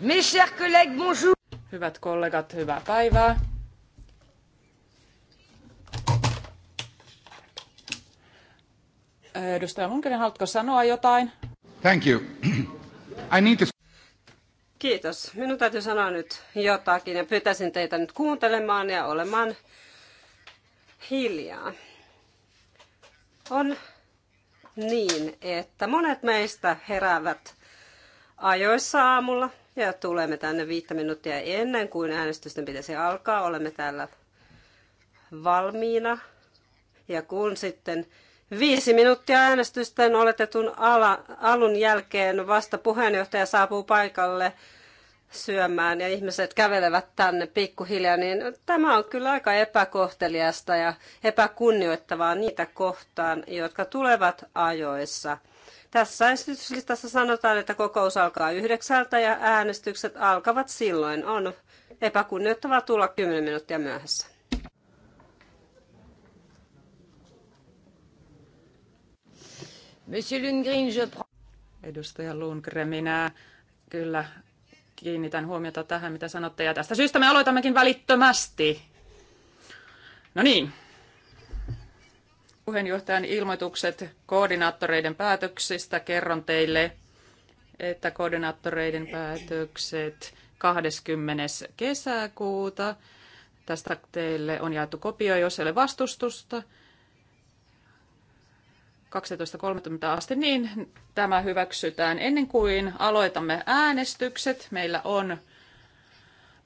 Mes chers collègues, bonjour. Hyvät kollegat, hyvää päivää. Äh, edustaja Munkinen, haluatko sanoa jotain? Thank you. I need to... Kiitos. Minun täytyy sanoa nyt jotakin ja pyytäisin teitä nyt kuuntelemaan ja olemaan hiljaa. On niin, että monet meistä heräävät ajoissa aamulla – ja tulemme tänne viittä minuuttia ennen kuin äänestysten pitäisi alkaa. Olemme täällä valmiina. Ja kun sitten viisi minuuttia äänestysten oletetun ala, alun jälkeen vasta puheenjohtaja saapuu paikalle syömään ja ihmiset kävelevät tänne pikkuhiljaa, niin tämä on kyllä aika epäkohteliasta ja epäkunnioittavaa niitä kohtaan, jotka tulevat ajoissa – tässä esityslistassa sanotaan, että kokous alkaa yhdeksältä ja äänestykset alkavat silloin. On epäkunnioittavaa tulla 10 minuuttia myöhässä. Monsieur Lundgren, je... Edustaja Lundgren, minä kyllä kiinnitän huomiota tähän, mitä sanotte. Ja tästä syystä me aloitammekin välittömästi. No niin, puheenjohtajan ilmoitukset koordinaattoreiden päätöksistä. Kerron teille, että koordinaattoreiden päätökset 20. kesäkuuta. Tästä teille on jaettu kopio, jos ei ole vastustusta. 12.30 asti, niin tämä hyväksytään. Ennen kuin aloitamme äänestykset, meillä on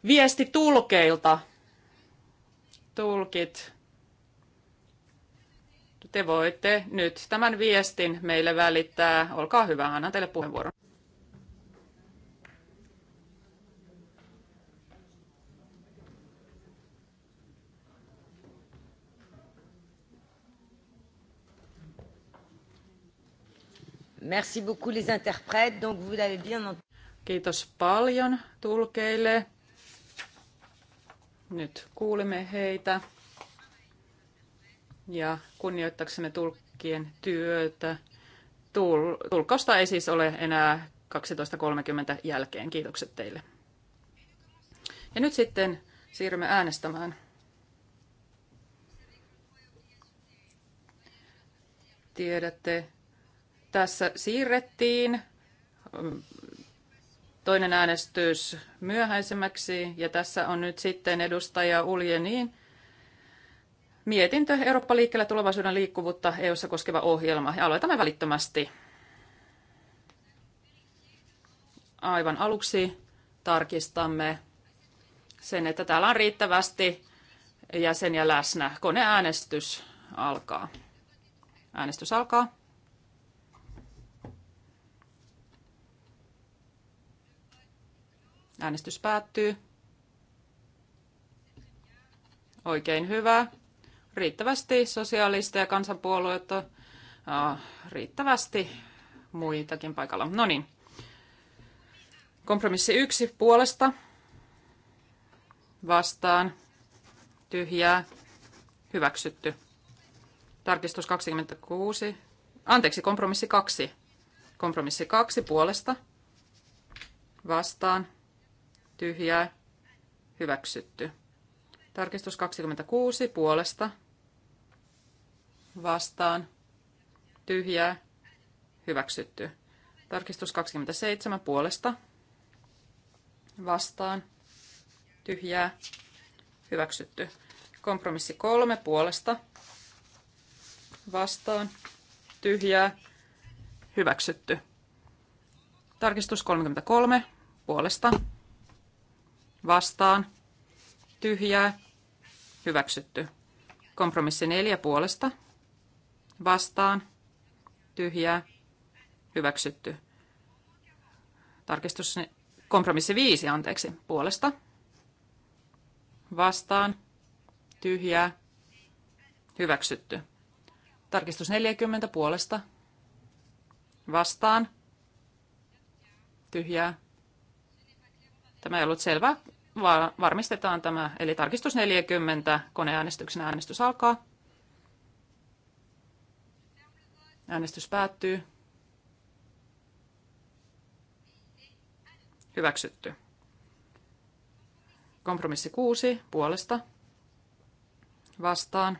viesti tulkeilta. Tulkit te voitte nyt tämän viestin meille välittää. Olkaa hyvä, annan teille puheenvuoron. Merci beaucoup les interprètes. Donc vous l'avez bien entendu. Kiitos paljon tulkeille. Nyt kuulemme heitä ja kunnioittaksemme tulkkien työtä. Tul- tulkkausta ei siis ole enää 12.30 jälkeen. Kiitokset teille. Ja nyt sitten siirrymme äänestämään. Tiedätte, tässä siirrettiin mm, toinen äänestys myöhäisemmäksi ja tässä on nyt sitten edustaja Uljeniin Mietintö Eurooppa liikkeelle tulevaisuuden liikkuvuutta EU-ssa koskeva ohjelma. Ja aloitamme välittömästi. Aivan aluksi tarkistamme sen, että täällä on riittävästi jäseniä läsnä. Koneäänestys alkaa. Äänestys alkaa. Äänestys päättyy. Oikein hyvä riittävästi sosiaalista ja kansanpuolueita, riittävästi muitakin paikalla. No niin. Kompromissi yksi puolesta vastaan tyhjää hyväksytty. Tarkistus 26. Anteeksi, kompromissi kaksi. Kompromissi kaksi puolesta vastaan tyhjää hyväksytty. Tarkistus 26 puolesta vastaan, tyhjää, hyväksytty. Tarkistus 27 puolesta, vastaan, tyhjää, hyväksytty. Kompromissi 3 puolesta, vastaan, tyhjää, hyväksytty. Tarkistus 33 puolesta, vastaan, tyhjää, hyväksytty. Kompromissi 4 puolesta, vastaan, tyhjää, hyväksytty. Tarkistus kompromissi 5, anteeksi, puolesta, vastaan, tyhjää, hyväksytty. Tarkistus 40 puolesta, vastaan, tyhjää. Tämä ei ollut selvä. Varmistetaan tämä, eli tarkistus 40, koneäänestyksen äänestys alkaa. Äänestys päättyy. Hyväksytty. Kompromissi 6 puolesta. Vastaan.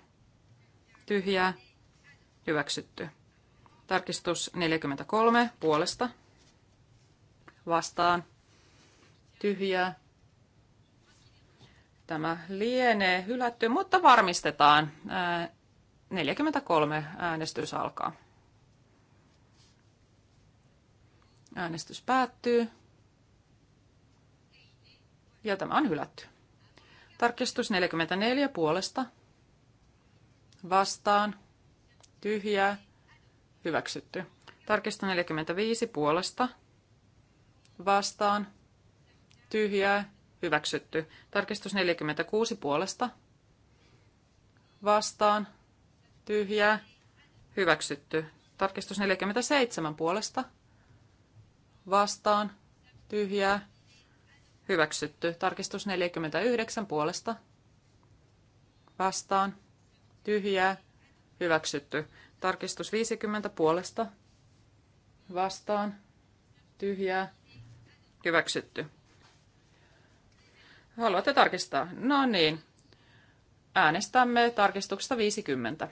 Tyhjää. Hyväksytty. Tarkistus 43 puolesta. Vastaan. Tyhjää. Tämä lienee hylätty, mutta varmistetaan. 43 äänestys alkaa. Äänestys päättyy. Ja tämä on hylätty. Tarkistus 44 puolesta. Vastaan. Tyhjää. Hyväksytty. Tarkistus 45 puolesta. Vastaan. Tyhjää. Hyväksytty. Tarkistus 46 puolesta. Vastaan. Tyhjää. Hyväksytty. Tarkistus 47 puolesta vastaan, tyhjää, hyväksytty. Tarkistus 49 puolesta, vastaan, tyhjää, hyväksytty. Tarkistus 50 puolesta, vastaan, tyhjää, hyväksytty. Haluatte tarkistaa? No niin. Äänestämme tarkistuksesta 50.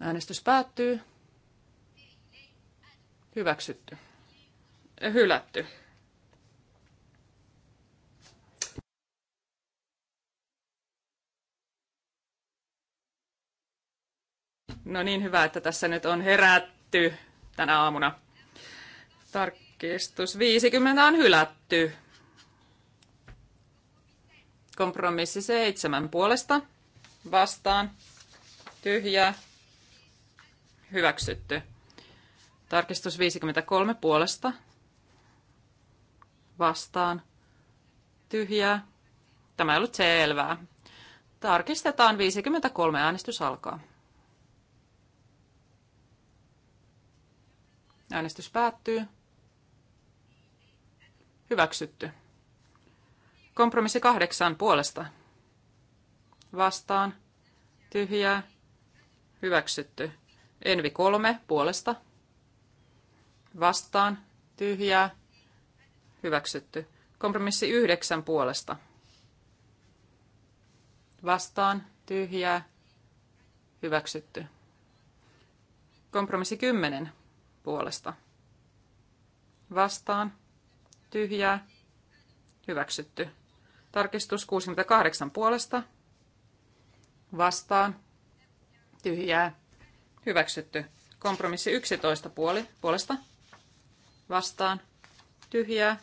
Äänestys päättyy. Hyväksytty. Hylätty. No niin hyvä, että tässä nyt on herätty tänä aamuna. Tarkistus 50 on hylätty. Kompromissi 7 puolesta. Vastaan. Tyhjä. Hyväksytty. Tarkistus 53 puolesta. Vastaan. Tyhjää. Tämä ei ollut selvää. Tarkistetaan 53. Äänestys alkaa. Äänestys päättyy. Hyväksytty. Kompromissi kahdeksan puolesta. Vastaan. Tyhjää. Hyväksytty. Envi kolme puolesta vastaan, tyhjää, hyväksytty. Kompromissi yhdeksän puolesta. Vastaan, tyhjää, hyväksytty. Kompromissi kymmenen puolesta. Vastaan, tyhjää, hyväksytty. Tarkistus 68 puolesta. Vastaan, tyhjää, hyväksytty. Kompromissi 11 puoli, puolesta vastaan tyhjää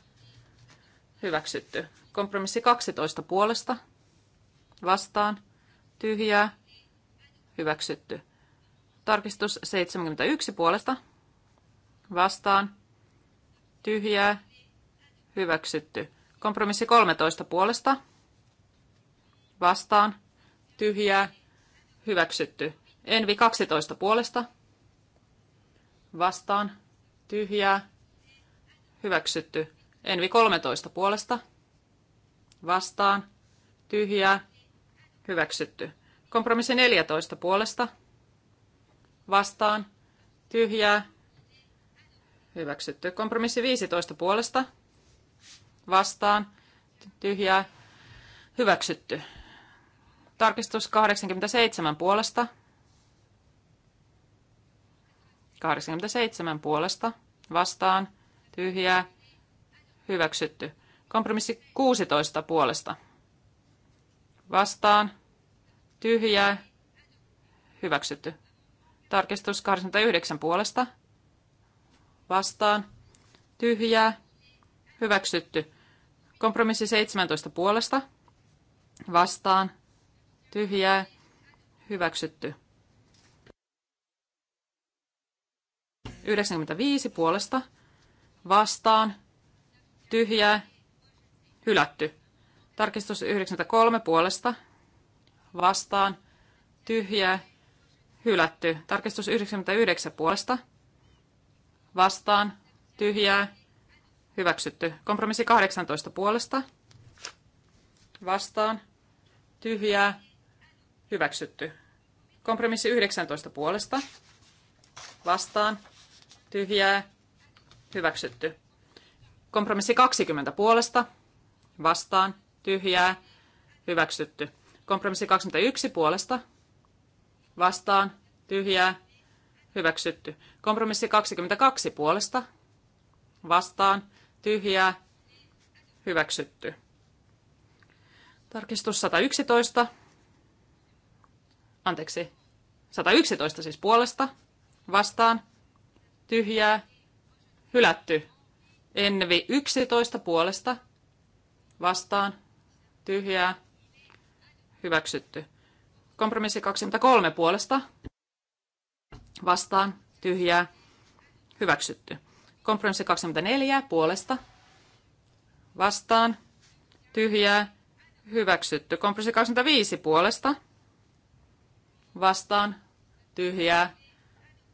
hyväksytty. Kompromissi 12 puolesta vastaan tyhjää hyväksytty. Tarkistus 71 puolesta vastaan tyhjää hyväksytty. Kompromissi 13 puolesta vastaan tyhjää hyväksytty. Envi 12 puolesta vastaan tyhjää Hyväksytty. Envi 13 puolesta. Vastaan. Tyhjää. Hyväksytty. Kompromissi 14 puolesta. Vastaan. Tyhjää. Hyväksytty. Kompromissi 15 puolesta. Vastaan. Tyhjää. Hyväksytty. Tarkistus 87 puolesta. 87 puolesta. Vastaan tyhjää, hyväksytty. Kompromissi 16 puolesta. Vastaan, tyhjää, hyväksytty. Tarkistus 89 puolesta. Vastaan, tyhjää, hyväksytty. Kompromissi 17 puolesta. Vastaan, tyhjää, hyväksytty. 95 puolesta vastaan, tyhjää, hylätty. Tarkistus 93 puolesta, vastaan, tyhjää, hylätty. Tarkistus 99 puolesta, vastaan, tyhjää, hyväksytty. Kompromissi 18 puolesta, vastaan, tyhjää, hyväksytty. Kompromissi 19 puolesta, vastaan, tyhjää, Hyväksytty. Kompromissi 20 puolesta. Vastaan. Tyhjää. Hyväksytty. Kompromissi 21 puolesta. Vastaan. Tyhjää. Hyväksytty. Kompromissi 22 puolesta. Vastaan. Tyhjää. Hyväksytty. Tarkistus 111. Anteeksi. 111 siis puolesta. Vastaan. Tyhjää. Hylätty. Envi 11 puolesta. Vastaan. Tyhjää. Hyväksytty. Kompromissi 23 puolesta. Vastaan. Tyhjää. Hyväksytty. Kompromissi 24 puolesta. Vastaan. Tyhjää. Hyväksytty. Kompromissi 25 puolesta. Vastaan. Tyhjää.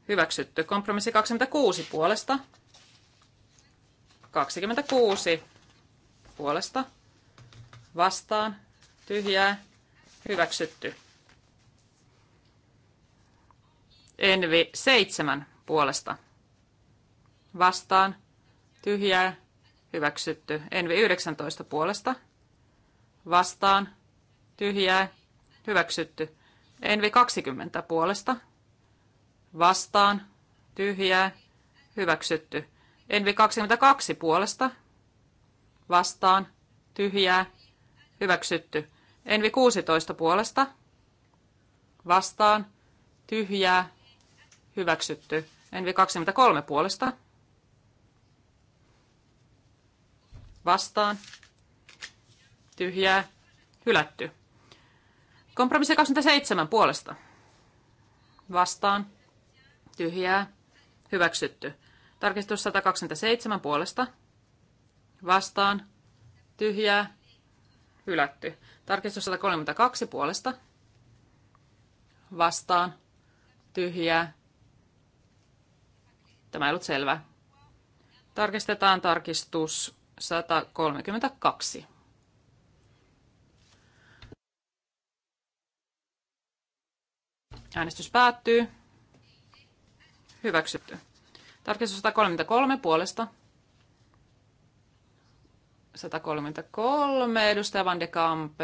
Hyväksytty. Kompromissi 26 puolesta. 26 puolesta vastaan tyhjää hyväksytty. Envi 7 puolesta vastaan tyhjää hyväksytty. Envi 19 puolesta vastaan tyhjää hyväksytty. Envi 20 puolesta vastaan tyhjää hyväksytty. Envi 22 puolesta. Vastaan. Tyhjää. Hyväksytty. Envi 16 puolesta. Vastaan. Tyhjää. Hyväksytty. Envi 23 puolesta. Vastaan. Tyhjää. Hylätty. Kompromissi 27 puolesta. Vastaan. Tyhjää. Hyväksytty. Tarkistus 127 puolesta. Vastaan. Tyhjää. Hylätty. Tarkistus 132 puolesta. Vastaan. Tyhjää. Tämä ei ollut selvä. Tarkistetaan tarkistus 132. Äänestys päättyy. Hyväksytty. Tarkistus 133 puolesta. 133, edustaja Van de Kamp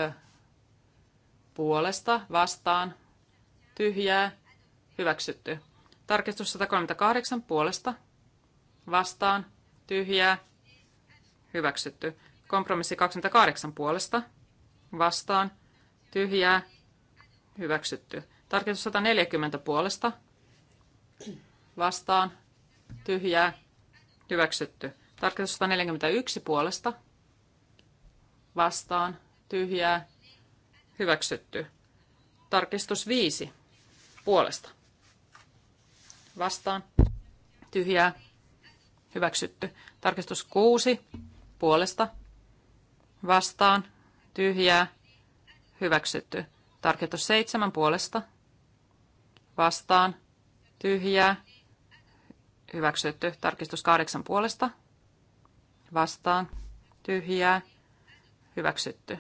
puolesta, vastaan, tyhjää, hyväksytty. Tarkistus 138 puolesta, vastaan, tyhjää, hyväksytty. Kompromissi 28 puolesta, vastaan, tyhjää, hyväksytty. Tarkistus 140 puolesta, vastaan, tyhjää, hyväksytty. Tarkistus 141 puolesta, vastaan, tyhjää, hyväksytty. Tarkistus 5 puolesta, vastaan, tyhjää, hyväksytty. Tarkistus 6 puolesta, vastaan, tyhjää, hyväksytty. Tarkistus 7 puolesta, vastaan, tyhjää, Hyväksytty. Tarkistus kahdeksan puolesta. Vastaan. Tyhjää. Hyväksytty.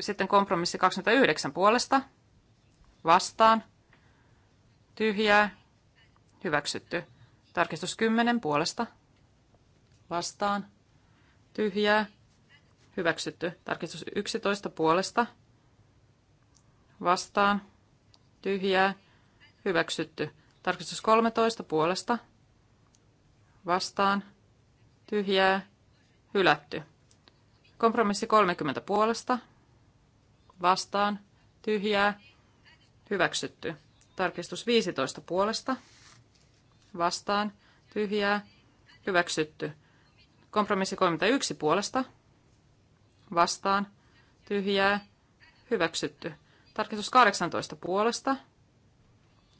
Sitten kompromissi 29 puolesta. Vastaan. Tyhjää. Hyväksytty. Tarkistus 10 puolesta. Vastaan. Tyhjää. Hyväksytty. Tarkistus 11 puolesta. Vastaan. Tyhjää. Hyväksytty. Tarkistus 13 puolesta. Vastaan. Tyhjää. Hylätty. Kompromissi 30 puolesta. Vastaan. Tyhjää. Hyväksytty. Tarkistus 15 puolesta. Vastaan. Tyhjää. Hyväksytty. Kompromissi 31 puolesta. Vastaan. Tyhjää. Hyväksytty. Tarkistus 18 puolesta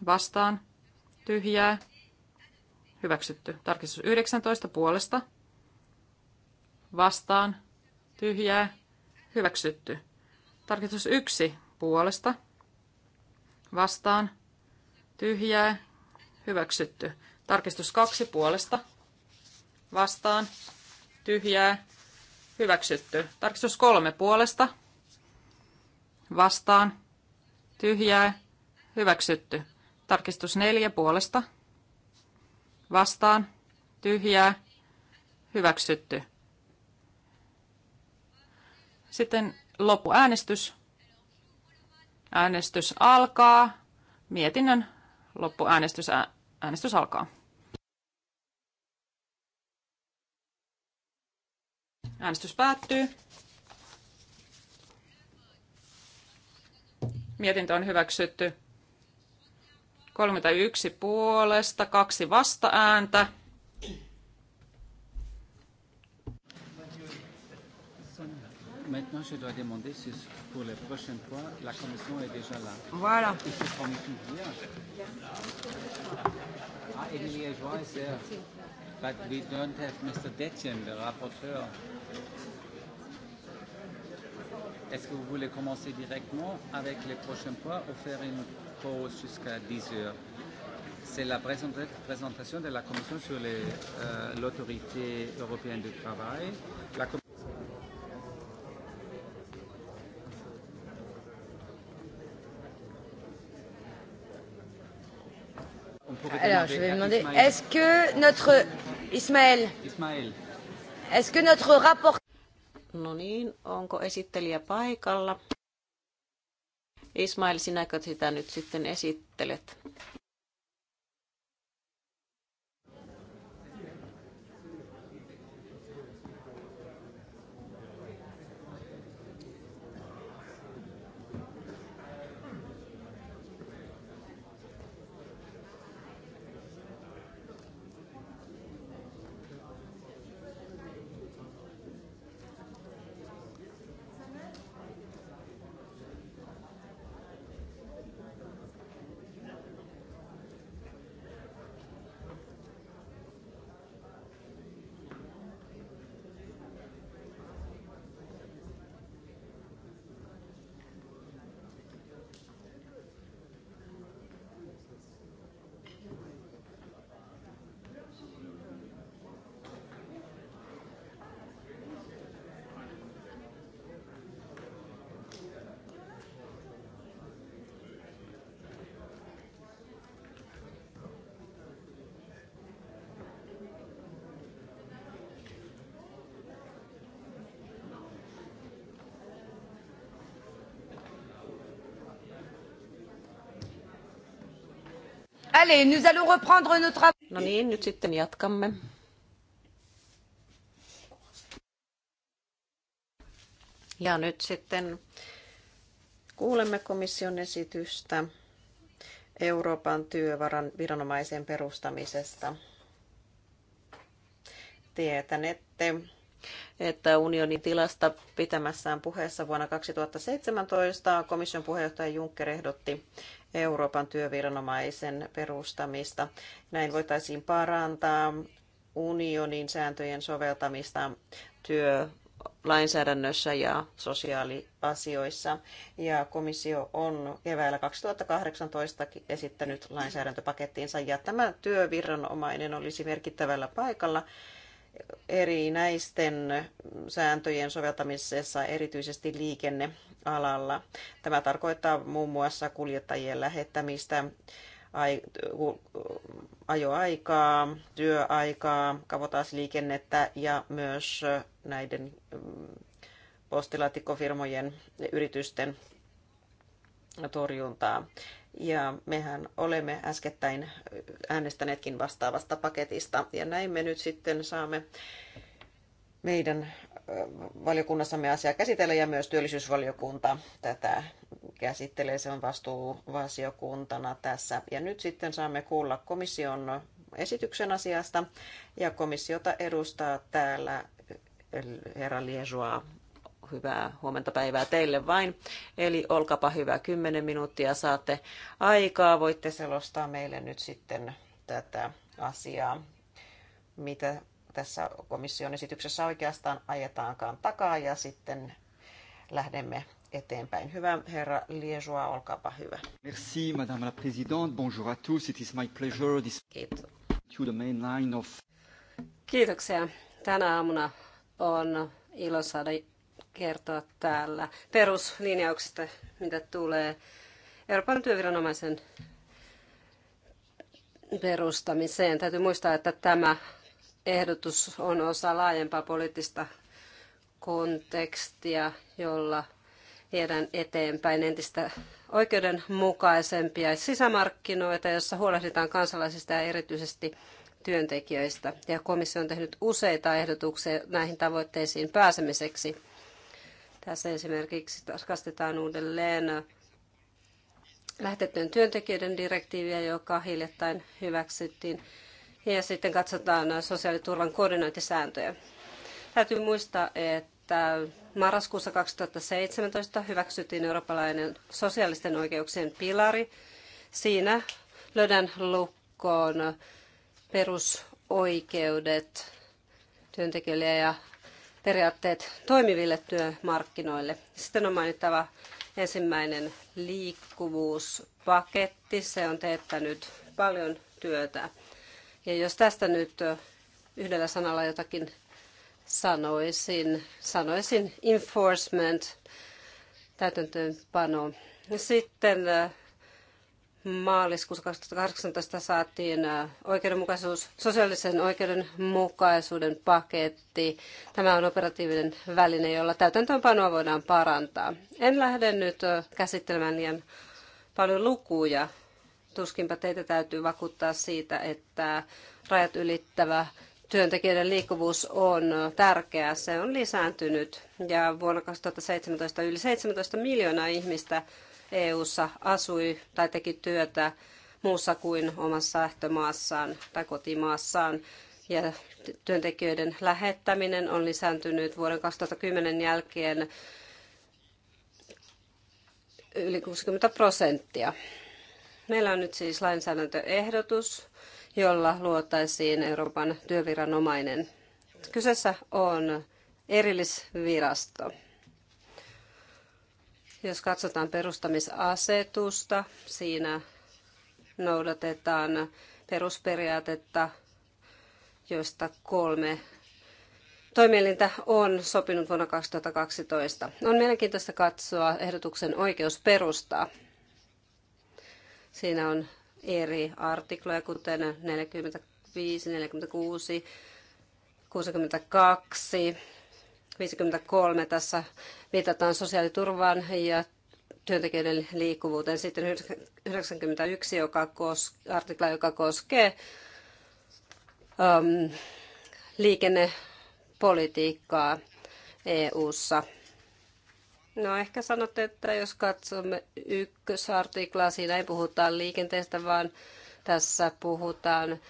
vastaan, tyhjää, hyväksytty. Tarkistus 19 puolesta, vastaan, tyhjää, hyväksytty. Tarkistus 1 puolesta, vastaan, tyhjää, hyväksytty. Tarkistus 2 puolesta, vastaan, tyhjää, hyväksytty. Tarkistus 3 puolesta, vastaan, tyhjää, hyväksytty. Tarkistus neljä puolesta. Vastaan. Tyhjää. Hyväksytty. Sitten loppuäänestys. Äänestys alkaa. Mietinnön loppuäänestys äänestys alkaa. Äänestys päättyy. Mietintö on hyväksytty 31 puolesta, kaksi vastaääntä. Maintenant, je dois demander si pour les prochaines fois, la commission est déjà là. Voilà. Ah, Joie But we don't have Mr. Detjen, le rapporteur. Est-ce que vous voulez commencer directement avec les prochains points ou faire une encore jusqu'à 10 heures. C'est la présentation de la Commission sur l'autorité euh, européenne du travail. La Alors, je vais demander, est-ce que notre... Ismaël. Ismaël. Est-ce que notre rapport... No niin, onko esittelijä paikalla? Ismail, sinäkö sitä nyt sitten esittelet? Allez, nous allons reprendre nos travaux. No niin, nyt sitten jatkamme. Ja nyt sitten kuulemme komission esitystä Euroopan työvaran viranomaisen perustamisesta. Tietänette, että unionin tilasta pitämässään puheessa vuonna 2017 komission puheenjohtaja Juncker ehdotti, Euroopan työviranomaisen perustamista. Näin voitaisiin parantaa unionin sääntöjen soveltamista työ lainsäädännössä ja sosiaaliasioissa. Ja komissio on keväällä 2018 esittänyt lainsäädäntöpakettiinsa ja tämä työviranomainen olisi merkittävällä paikalla erinäisten sääntöjen soveltamisessa erityisesti liikenne- alalla. Tämä tarkoittaa muun muassa kuljettajien lähettämistä, ajoaikaa, työaikaa, kavotaasliikennettä ja myös näiden mm, postilaatikkofirmojen yritysten torjuntaa. Ja mehän olemme äskettäin äänestäneetkin vastaavasta paketista ja näin me nyt sitten saamme meidän valiokunnassamme asiaa käsitellä ja myös työllisyysvaliokunta tätä käsittelee. Se on vastuuvaliokuntana tässä. Ja nyt sitten saamme kuulla komission esityksen asiasta ja komissiota edustaa täällä herra Liesua. Hyvää huomenta päivää teille vain. Eli olkapa hyvä, 10 minuuttia saatte aikaa. Voitte selostaa meille nyt sitten tätä asiaa, mitä tässä komission esityksessä oikeastaan ajetaankaan takaa ja sitten lähdemme eteenpäin. Hyvä herra Liesua, olkaapa hyvä. Merci madame la présidente. Bonjour à tous. It is my pleasure this Kiitos. to the main line of Kiitoksia. Tänä aamuna on ilo saada kertoa täällä peruslinjauksista, mitä tulee Euroopan työviranomaisen perustamiseen. Täytyy muistaa, että tämä ehdotus on osa laajempaa poliittista kontekstia, jolla viedään eteenpäin entistä oikeudenmukaisempia sisämarkkinoita, jossa huolehditaan kansalaisista ja erityisesti työntekijöistä. Ja komissio on tehnyt useita ehdotuksia näihin tavoitteisiin pääsemiseksi. Tässä esimerkiksi tarkastetaan uudelleen lähetettyjen työntekijöiden direktiiviä, joka hiljattain hyväksyttiin ja sitten katsotaan sosiaaliturvan koordinointisääntöjä. Täytyy muistaa, että marraskuussa 2017 hyväksyttiin eurooppalainen sosiaalisten oikeuksien pilari. Siinä löydän lukkoon perusoikeudet työntekijöille ja periaatteet toimiville työmarkkinoille. Sitten on mainittava ensimmäinen liikkuvuuspaketti. Se on teettänyt paljon työtä. Ja jos tästä nyt yhdellä sanalla jotakin sanoisin, sanoisin enforcement, täytäntöönpano. Sitten maaliskuussa 2018 saatiin oikeudenmukaisuus, sosiaalisen oikeudenmukaisuuden paketti. Tämä on operatiivinen väline, jolla täytäntöönpanoa voidaan parantaa. En lähde nyt käsittelemään liian paljon lukuja, tuskinpa teitä täytyy vakuuttaa siitä, että rajat ylittävä työntekijöiden liikkuvuus on tärkeää. Se on lisääntynyt ja vuonna 2017 yli 17 miljoonaa ihmistä EU:ssa asui tai teki työtä muussa kuin omassa lähtömaassaan tai kotimaassaan. Ja työntekijöiden lähettäminen on lisääntynyt vuoden 2010 jälkeen yli 60 prosenttia. Meillä on nyt siis lainsäädäntöehdotus, jolla luotaisiin Euroopan työviranomainen. Kyseessä on erillisvirasto. Jos katsotaan perustamisasetusta, siinä noudatetaan perusperiaatetta, josta kolme toimielintä on sopinut vuonna 2012. On mielenkiintoista katsoa ehdotuksen oikeusperustaa. Siinä on eri artikloja, kuten 45, 46, 62, 53. Tässä viitataan sosiaaliturvaan ja työntekijöiden liikkuvuuteen. Sitten 91 joka koske, artikla, joka koskee um, liikennepolitiikkaa EU-ssa. No ehkä sanotte, että jos katsomme ykkösartiklaa, siinä ei puhuta liikenteestä, vaan tässä puhutaan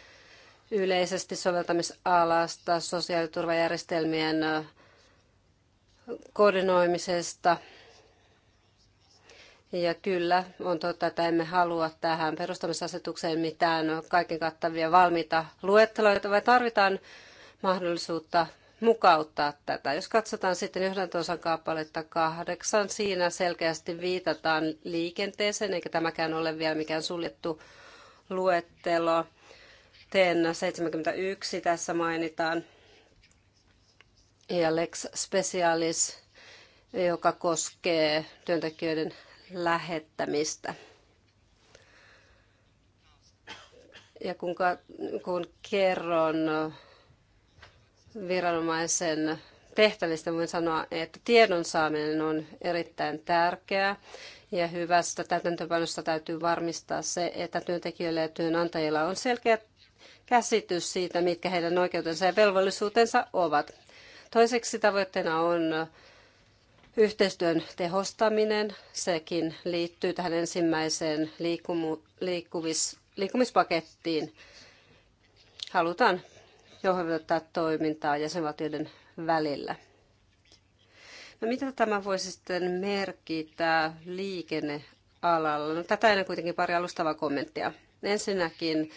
yleisesti soveltamisalasta, sosiaaliturvajärjestelmien koordinoimisesta. Ja kyllä, on totta, että emme halua tähän perustamisasetukseen mitään kaiken kattavia valmiita luetteloita, vai tarvitaan mahdollisuutta mukauttaa tätä. Jos katsotaan sitten johdantosan kappaletta kahdeksan, siinä selkeästi viitataan liikenteeseen, eikä tämäkään ole vielä mikään suljettu luettelo. TEN 71 tässä mainitaan ja Lex Specialis, joka koskee työntekijöiden lähettämistä. Ja kun, kun kerron viranomaisen tehtävistä voin sanoa, että tiedon saaminen on erittäin tärkeää ja hyvästä täytäntöpanosta täytyy varmistaa se, että työntekijöillä ja työnantajilla on selkeä käsitys siitä, mitkä heidän oikeutensa ja velvollisuutensa ovat. Toiseksi tavoitteena on yhteistyön tehostaminen. Sekin liittyy tähän ensimmäiseen liikkumu, liikkuvis, liikkumispakettiin. Halutaan jouhevoittaa toimintaa jäsenvaltioiden välillä. No mitä tämä voisi sitten merkitä liikennealalla? No, tätä ennen kuitenkin pari alustavaa kommenttia. Ensinnäkin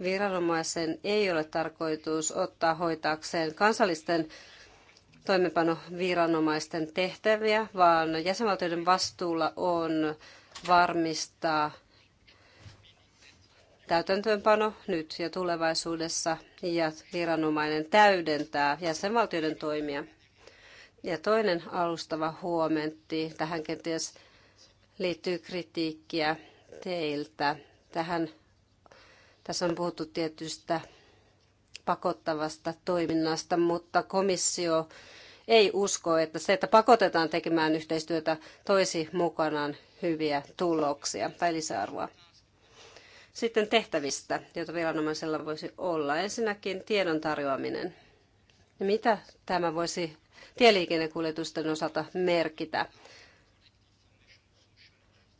viranomaisen ei ole tarkoitus ottaa hoitaakseen kansallisten toimenpanoviranomaisten tehtäviä, vaan jäsenvaltioiden vastuulla on varmistaa täytäntöönpano nyt ja tulevaisuudessa ja viranomainen täydentää jäsenvaltioiden toimia. Ja toinen alustava huomentti, tähän kenties liittyy kritiikkiä teiltä. Tähän, tässä on puhuttu tietystä pakottavasta toiminnasta, mutta komissio ei usko, että se, että pakotetaan tekemään yhteistyötä, toisi mukanaan hyviä tuloksia tai lisäarvoa. Sitten tehtävistä, joita viranomaisella voisi olla. Ensinnäkin tiedon tarjoaminen. Mitä tämä voisi tieliikennekuljetusten osalta merkitä?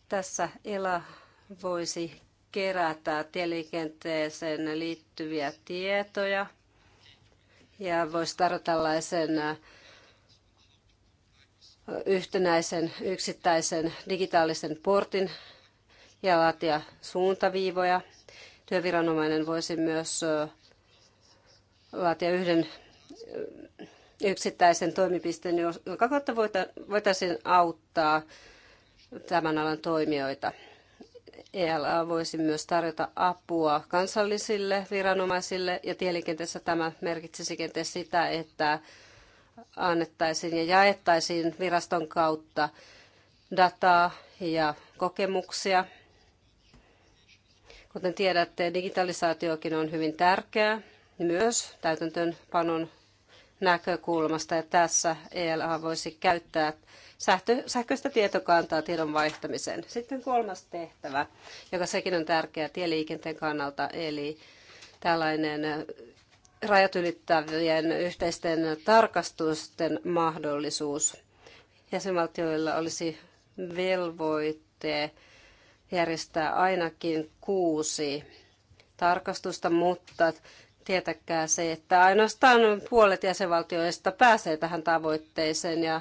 Tässä ELA voisi kerätä tieliikenteeseen liittyviä tietoja ja voisi tarjota tällaisen äh, yhtenäisen yksittäisen digitaalisen portin ja laatia suuntaviivoja. Työviranomainen voisi myös laatia yhden yksittäisen toimipisteen, jonka kautta voitaisiin auttaa tämän alan toimijoita. ELA voisi myös tarjota apua kansallisille viranomaisille ja tieliikenteessä tämä merkitsisi kenties sitä, että annettaisiin ja jaettaisiin viraston kautta dataa ja kokemuksia – Kuten tiedätte, digitalisaatiokin on hyvin tärkeää myös täytäntöönpanon näkökulmasta ja tässä ELA voisi käyttää sähtö, sähköistä tietokantaa tiedon vaihtamiseen. Sitten kolmas tehtävä, joka sekin on tärkeä tieliikenteen kannalta, eli tällainen rajat ylittävien yhteisten tarkastusten mahdollisuus. Jäsenvaltioilla olisi velvoite järjestää ainakin kuusi tarkastusta, mutta tietäkää se, että ainoastaan puolet jäsenvaltioista pääsee tähän tavoitteeseen ja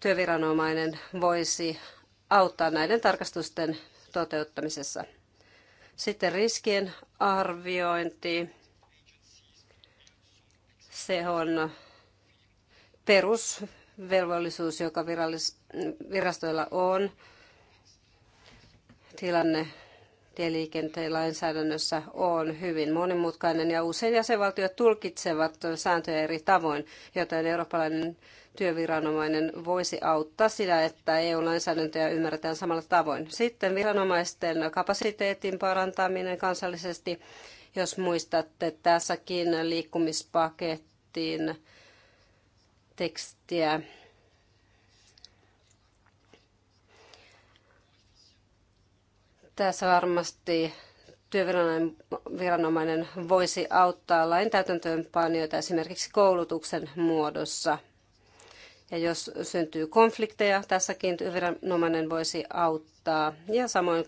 työviranomainen voisi auttaa näiden tarkastusten toteuttamisessa. Sitten riskien arviointi. Se on perusvelvollisuus, joka virastoilla on tilanne tieliikenteen lainsäädännössä on hyvin monimutkainen ja usein jäsenvaltiot tulkitsevat sääntöjä eri tavoin, joten eurooppalainen työviranomainen voisi auttaa sitä, että EU-lainsäädäntöä ymmärretään samalla tavoin. Sitten viranomaisten kapasiteetin parantaminen kansallisesti, jos muistatte tässäkin liikkumispakettiin tekstiä Tässä varmasti työviranomainen voisi auttaa lain täytäntöönpanijoita esimerkiksi koulutuksen muodossa. Ja jos syntyy konflikteja, tässäkin työviranomainen voisi auttaa. Ja samoin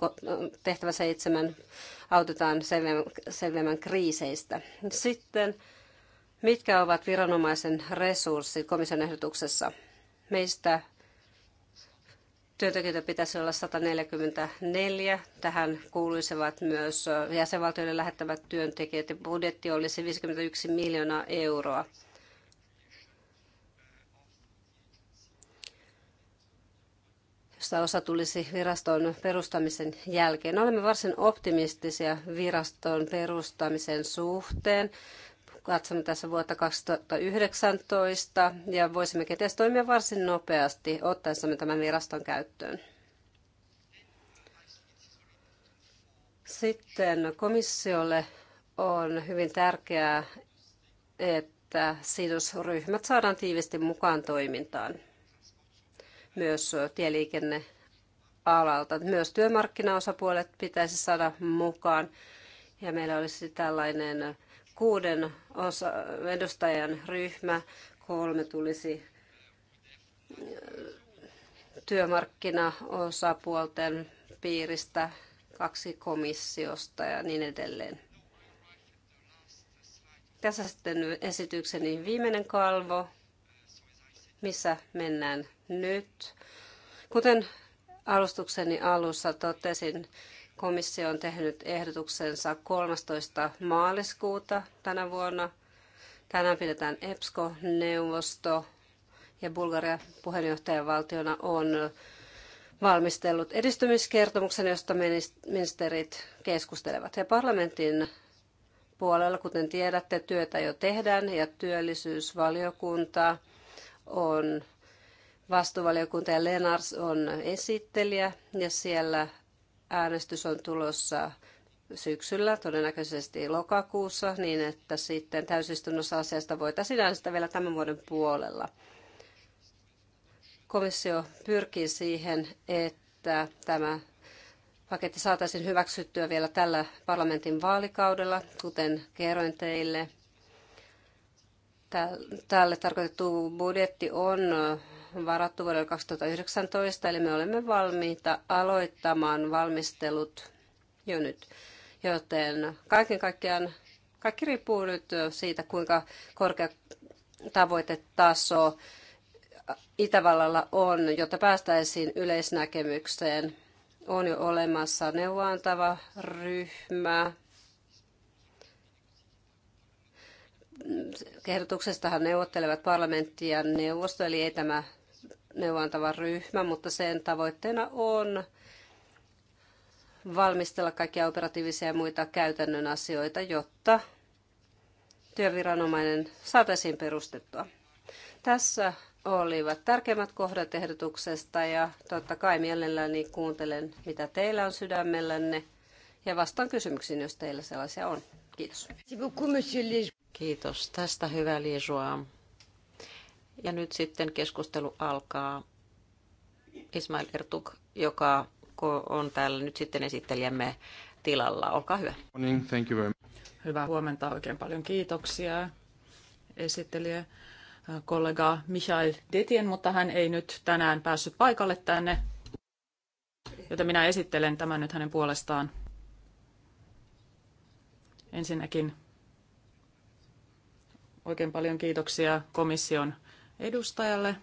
tehtävä seitsemän autetaan selviämään kriiseistä. Sitten, mitkä ovat viranomaisen resurssit komission ehdotuksessa? Meistä Työntekijöitä pitäisi olla 144. Tähän kuuluisivat myös jäsenvaltioiden lähettävät työntekijät budjetti olisi 51 miljoonaa euroa. josta osa tulisi viraston perustamisen jälkeen. Olemme varsin optimistisia viraston perustamisen suhteen. Katsomme tässä vuotta 2019 ja voisimme kenties toimia varsin nopeasti ottaessamme tämän viraston käyttöön. Sitten komissiolle on hyvin tärkeää, että sidosryhmät saadaan tiivisti mukaan toimintaan. Myös tieliikenne alalta. Myös työmarkkinaosapuolet pitäisi saada mukaan. Ja meillä olisi tällainen kuuden osa, edustajan ryhmä, kolme tulisi äh, työmarkkinaosapuolten piiristä, kaksi komissiosta ja niin edelleen. Tässä sitten esitykseni viimeinen kalvo, missä mennään nyt. Kuten alustukseni alussa totesin, Komissio on tehnyt ehdotuksensa 13. maaliskuuta tänä vuonna. Tänään pidetään EPSCO-neuvosto ja Bulgaria puheenjohtajavaltiona on valmistellut edistymiskertomuksen, josta ministerit keskustelevat. Ja parlamentin puolella, kuten tiedätte, työtä jo tehdään ja työllisyysvaliokunta on vastuuvaliokunta ja Lenars on esittelijä ja siellä Äänestys on tulossa syksyllä, todennäköisesti lokakuussa, niin että sitten täysistunnossa asiasta voitaisiin äänestää vielä tämän vuoden puolella. Komissio pyrkii siihen, että tämä paketti saataisiin hyväksyttyä vielä tällä parlamentin vaalikaudella, kuten kerroin teille. Tälle tarkoitettu budjetti on varattu vuodelle 2019, eli me olemme valmiita aloittamaan valmistelut jo nyt. Joten kaiken kaikkiaan kaikki riippuu nyt siitä, kuinka korkea tavoitetaso Itävallalla on, jotta päästäisiin yleisnäkemykseen. On jo olemassa neuvoantava ryhmä. Kehdotuksestahan neuvottelevat parlamentti ja neuvosto, eli ei tämä neuvontava ryhmä, mutta sen tavoitteena on valmistella kaikkia operatiivisia ja muita käytännön asioita, jotta työviranomainen saataisiin perustettua. Tässä olivat tärkeimmät kohdat ehdotuksesta ja totta kai mielelläni kuuntelen, mitä teillä on sydämellänne ja vastaan kysymyksiin, jos teillä sellaisia on. Kiitos. Kiitos tästä, hyvää liisua. Ja nyt sitten keskustelu alkaa. Ismail Ertuk, joka on täällä nyt sitten esittelijämme tilalla. Olkaa hyvä. Thank you very much. Hyvää huomenta, oikein paljon kiitoksia esittelijä kollega Michael Detien, mutta hän ei nyt tänään päässyt paikalle tänne, joten minä esittelen tämän nyt hänen puolestaan. Ensinnäkin oikein paljon kiitoksia komission edustajalle.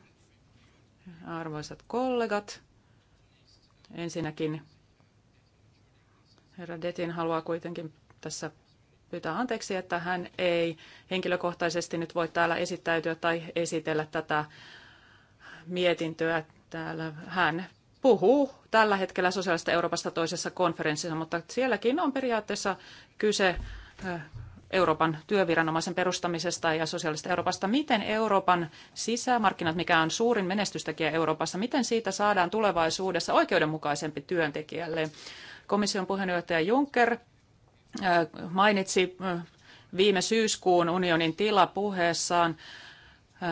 Arvoisat kollegat, ensinnäkin herra Detin haluaa kuitenkin tässä pyytää anteeksi, että hän ei henkilökohtaisesti nyt voi täällä esittäytyä tai esitellä tätä mietintöä täällä. Hän puhuu tällä hetkellä sosiaalista Euroopasta toisessa konferenssissa, mutta sielläkin on periaatteessa kyse äh, Euroopan työviranomaisen perustamisesta ja sosiaalista Euroopasta. Miten Euroopan sisämarkkinat, mikä on suurin menestystekijä Euroopassa, miten siitä saadaan tulevaisuudessa oikeudenmukaisempi työntekijälle? Komission puheenjohtaja Juncker äh, mainitsi äh, viime syyskuun unionin tila puheessaan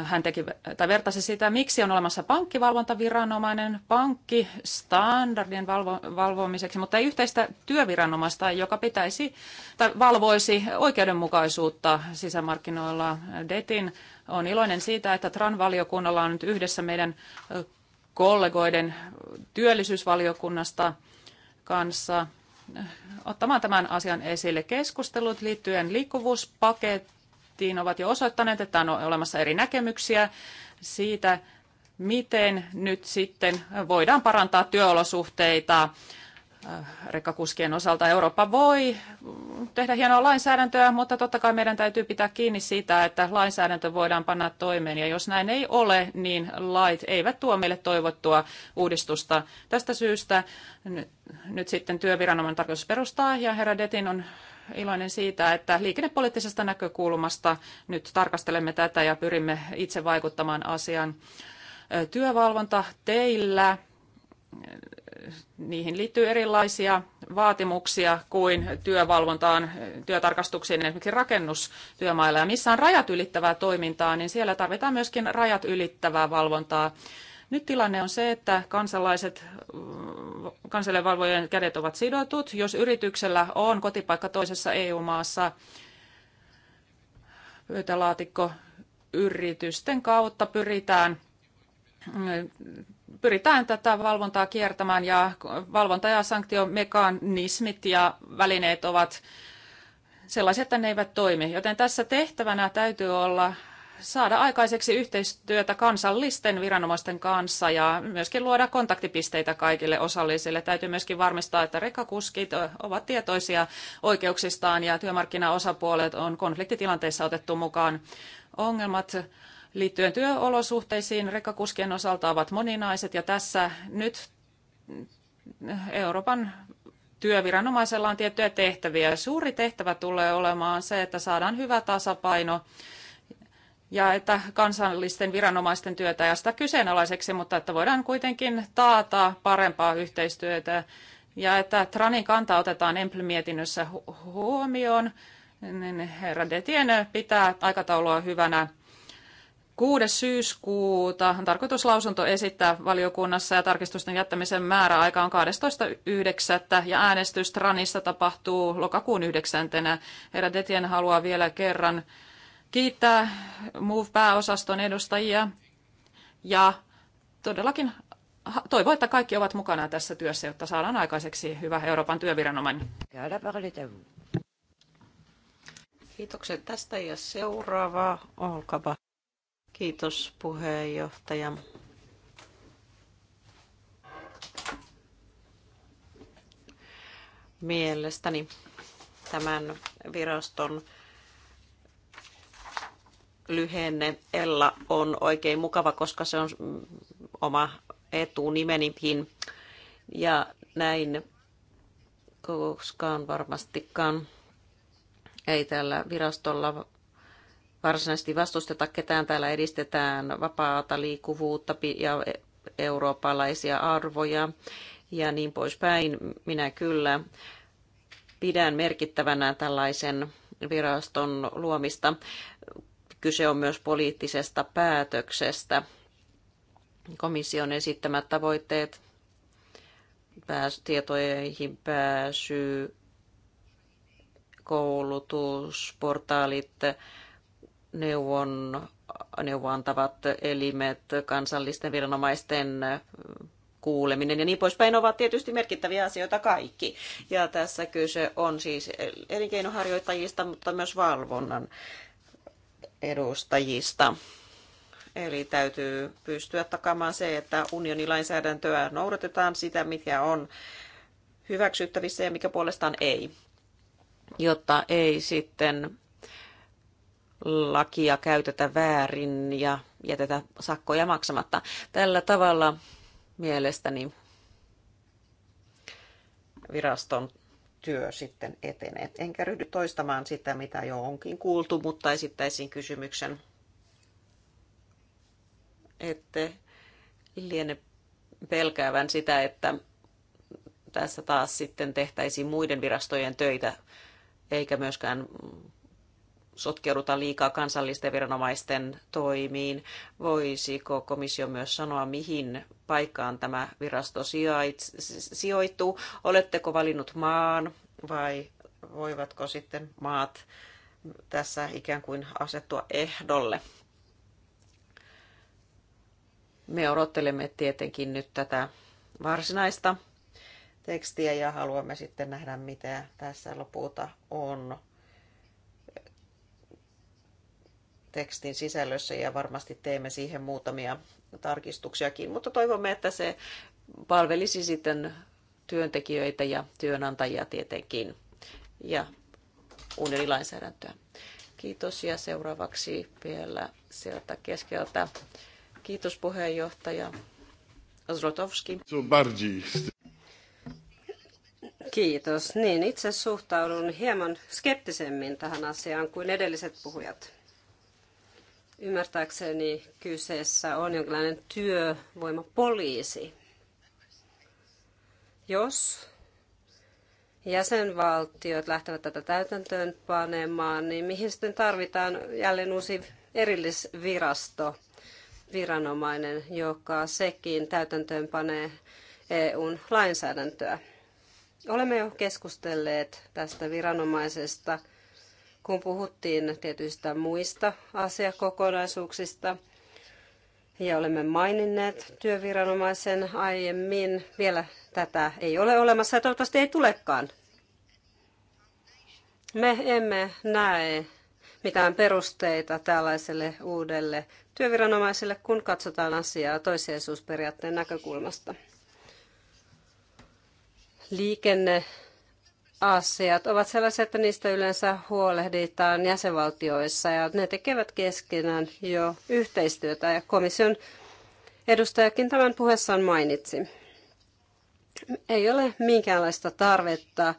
hän teki, tai vertasi sitä, miksi on olemassa pankkivalvontaviranomainen pankki standardien valvo, valvomiseksi, mutta ei yhteistä työviranomaista, joka pitäisi tai valvoisi oikeudenmukaisuutta sisämarkkinoilla. DETin on iloinen siitä, että TRAN-valiokunnalla on nyt yhdessä meidän kollegoiden työllisyysvaliokunnasta kanssa ottamaan tämän asian esille. Keskustelut liittyen liikkuvuuspakettiin tehtiin, ovat jo osoittaneet, että on olemassa eri näkemyksiä siitä, miten nyt sitten voidaan parantaa työolosuhteita Äh, rekkakuskien osalta Eurooppa voi tehdä hienoa lainsäädäntöä, mutta totta kai meidän täytyy pitää kiinni siitä, että lainsäädäntö voidaan panna toimeen. Ja jos näin ei ole, niin lait eivät tuo meille toivottua uudistusta. Tästä syystä nyt sitten työviranomainen tarkoitus perustaa ja herra Detin on iloinen siitä, että liikennepoliittisesta näkökulmasta nyt tarkastelemme tätä ja pyrimme itse vaikuttamaan asiaan. Työvalvonta teillä niihin liittyy erilaisia vaatimuksia kuin työvalvontaan, työtarkastuksiin, esimerkiksi rakennustyömailla. Ja missä on rajat ylittävää toimintaa, niin siellä tarvitaan myöskin rajat ylittävää valvontaa. Nyt tilanne on se, että kansalaiset, kansalaisenvalvojen kädet ovat sidotut. Jos yrityksellä on kotipaikka toisessa EU-maassa, pöytälaatikko yritysten kautta pyritään pyritään tätä valvontaa kiertämään ja valvonta- ja sanktiomekanismit ja välineet ovat sellaisia, että ne eivät toimi. Joten tässä tehtävänä täytyy olla saada aikaiseksi yhteistyötä kansallisten viranomaisten kanssa ja myöskin luoda kontaktipisteitä kaikille osallisille. Täytyy myöskin varmistaa, että rekakuskit ovat tietoisia oikeuksistaan ja työmarkkinaosapuolet on konfliktitilanteissa otettu mukaan. Ongelmat liittyen työolosuhteisiin rekkakuskien osalta ovat moninaiset ja tässä nyt Euroopan työviranomaisella on tiettyjä tehtäviä. Suuri tehtävä tulee olemaan se, että saadaan hyvä tasapaino ja että kansallisten viranomaisten työtä ja sitä kyseenalaiseksi, mutta että voidaan kuitenkin taata parempaa yhteistyötä ja että Tranin kanta otetaan Empl-mietinnössä huomioon, niin herra Detien pitää aikataulua hyvänä 6. syyskuuta on tarkoitus lausunto esittää valiokunnassa ja tarkistusten jättämisen määräaika on 12.9. ja äänestys Tranissa tapahtuu lokakuun 9. Herra Detien haluaa vielä kerran kiittää MOVE-pääosaston edustajia ja todellakin toivon, että kaikki ovat mukana tässä työssä, jotta saadaan aikaiseksi hyvä Euroopan työviranomainen. Kiitokset tästä ja seuraava, olkaapa Kiitos puheenjohtaja. Mielestäni tämän viraston lyhenne Ella on oikein mukava, koska se on oma etunimenikin. Ja näin koskaan varmastikaan ei tällä virastolla varsinaisesti vastusteta ketään. Täällä edistetään vapaata liikkuvuutta ja e- eurooppalaisia arvoja ja niin poispäin. Minä kyllä pidän merkittävänä tällaisen viraston luomista. Kyse on myös poliittisesta päätöksestä. Komission esittämät tavoitteet, tietoihin pääsy, koulutus, portaalit, neuvon, neuvoantavat elimet, kansallisten viranomaisten kuuleminen ja niin poispäin ovat tietysti merkittäviä asioita kaikki. Ja tässä kyse on siis elinkeinoharjoittajista, mutta myös valvonnan edustajista. Eli täytyy pystyä takaamaan se, että unionilainsäädäntöä noudatetaan sitä, mikä on hyväksyttävissä ja mikä puolestaan ei, jotta ei sitten lakia käytetä väärin ja jätetä sakkoja maksamatta. Tällä tavalla mielestäni viraston työ sitten etenee. Enkä ryhdy toistamaan sitä, mitä jo onkin kuultu, mutta esittäisin kysymyksen. Ette liene pelkäävän sitä, että tässä taas sitten tehtäisiin muiden virastojen töitä, eikä myöskään sotkeuduta liikaa kansallisten viranomaisten toimiin. Voisiko komissio myös sanoa, mihin paikkaan tämä virasto sijoittuu? Oletteko valinnut maan vai voivatko sitten maat tässä ikään kuin asettua ehdolle? Me odottelemme tietenkin nyt tätä varsinaista tekstiä ja haluamme sitten nähdä, mitä tässä lopulta on tekstin sisällössä ja varmasti teemme siihen muutamia tarkistuksiakin, mutta toivomme, että se palvelisi sitten työntekijöitä ja työnantajia tietenkin ja unionilainsäädäntöä. Kiitos ja seuraavaksi vielä sieltä keskeltä. Kiitos puheenjohtaja Zlotowski. Kiitos. Niin, itse suhtaudun hieman skeptisemmin tähän asiaan kuin edelliset puhujat. Ymmärtääkseni kyseessä on jonkinlainen työvoimapoliisi. Jos jäsenvaltiot lähtevät tätä täytäntöön panemaan, niin mihin sitten tarvitaan jälleen uusi erillisvirasto, viranomainen, joka sekin täytäntöön panee EUn lainsäädäntöä. Olemme jo keskustelleet tästä viranomaisesta – kun puhuttiin tietyistä muista asiakokonaisuuksista. Ja olemme maininneet työviranomaisen aiemmin. Vielä tätä ei ole olemassa ja toivottavasti ei tulekaan. Me emme näe mitään perusteita tällaiselle uudelle työviranomaiselle, kun katsotaan asiaa toisiaisuusperiaatteen näkökulmasta. Liikenne asiat ovat sellaisia, että niistä yleensä huolehditaan jäsenvaltioissa ja ne tekevät keskenään jo yhteistyötä ja komission edustajakin tämän puheessaan mainitsi. Ei ole minkäänlaista tarvetta,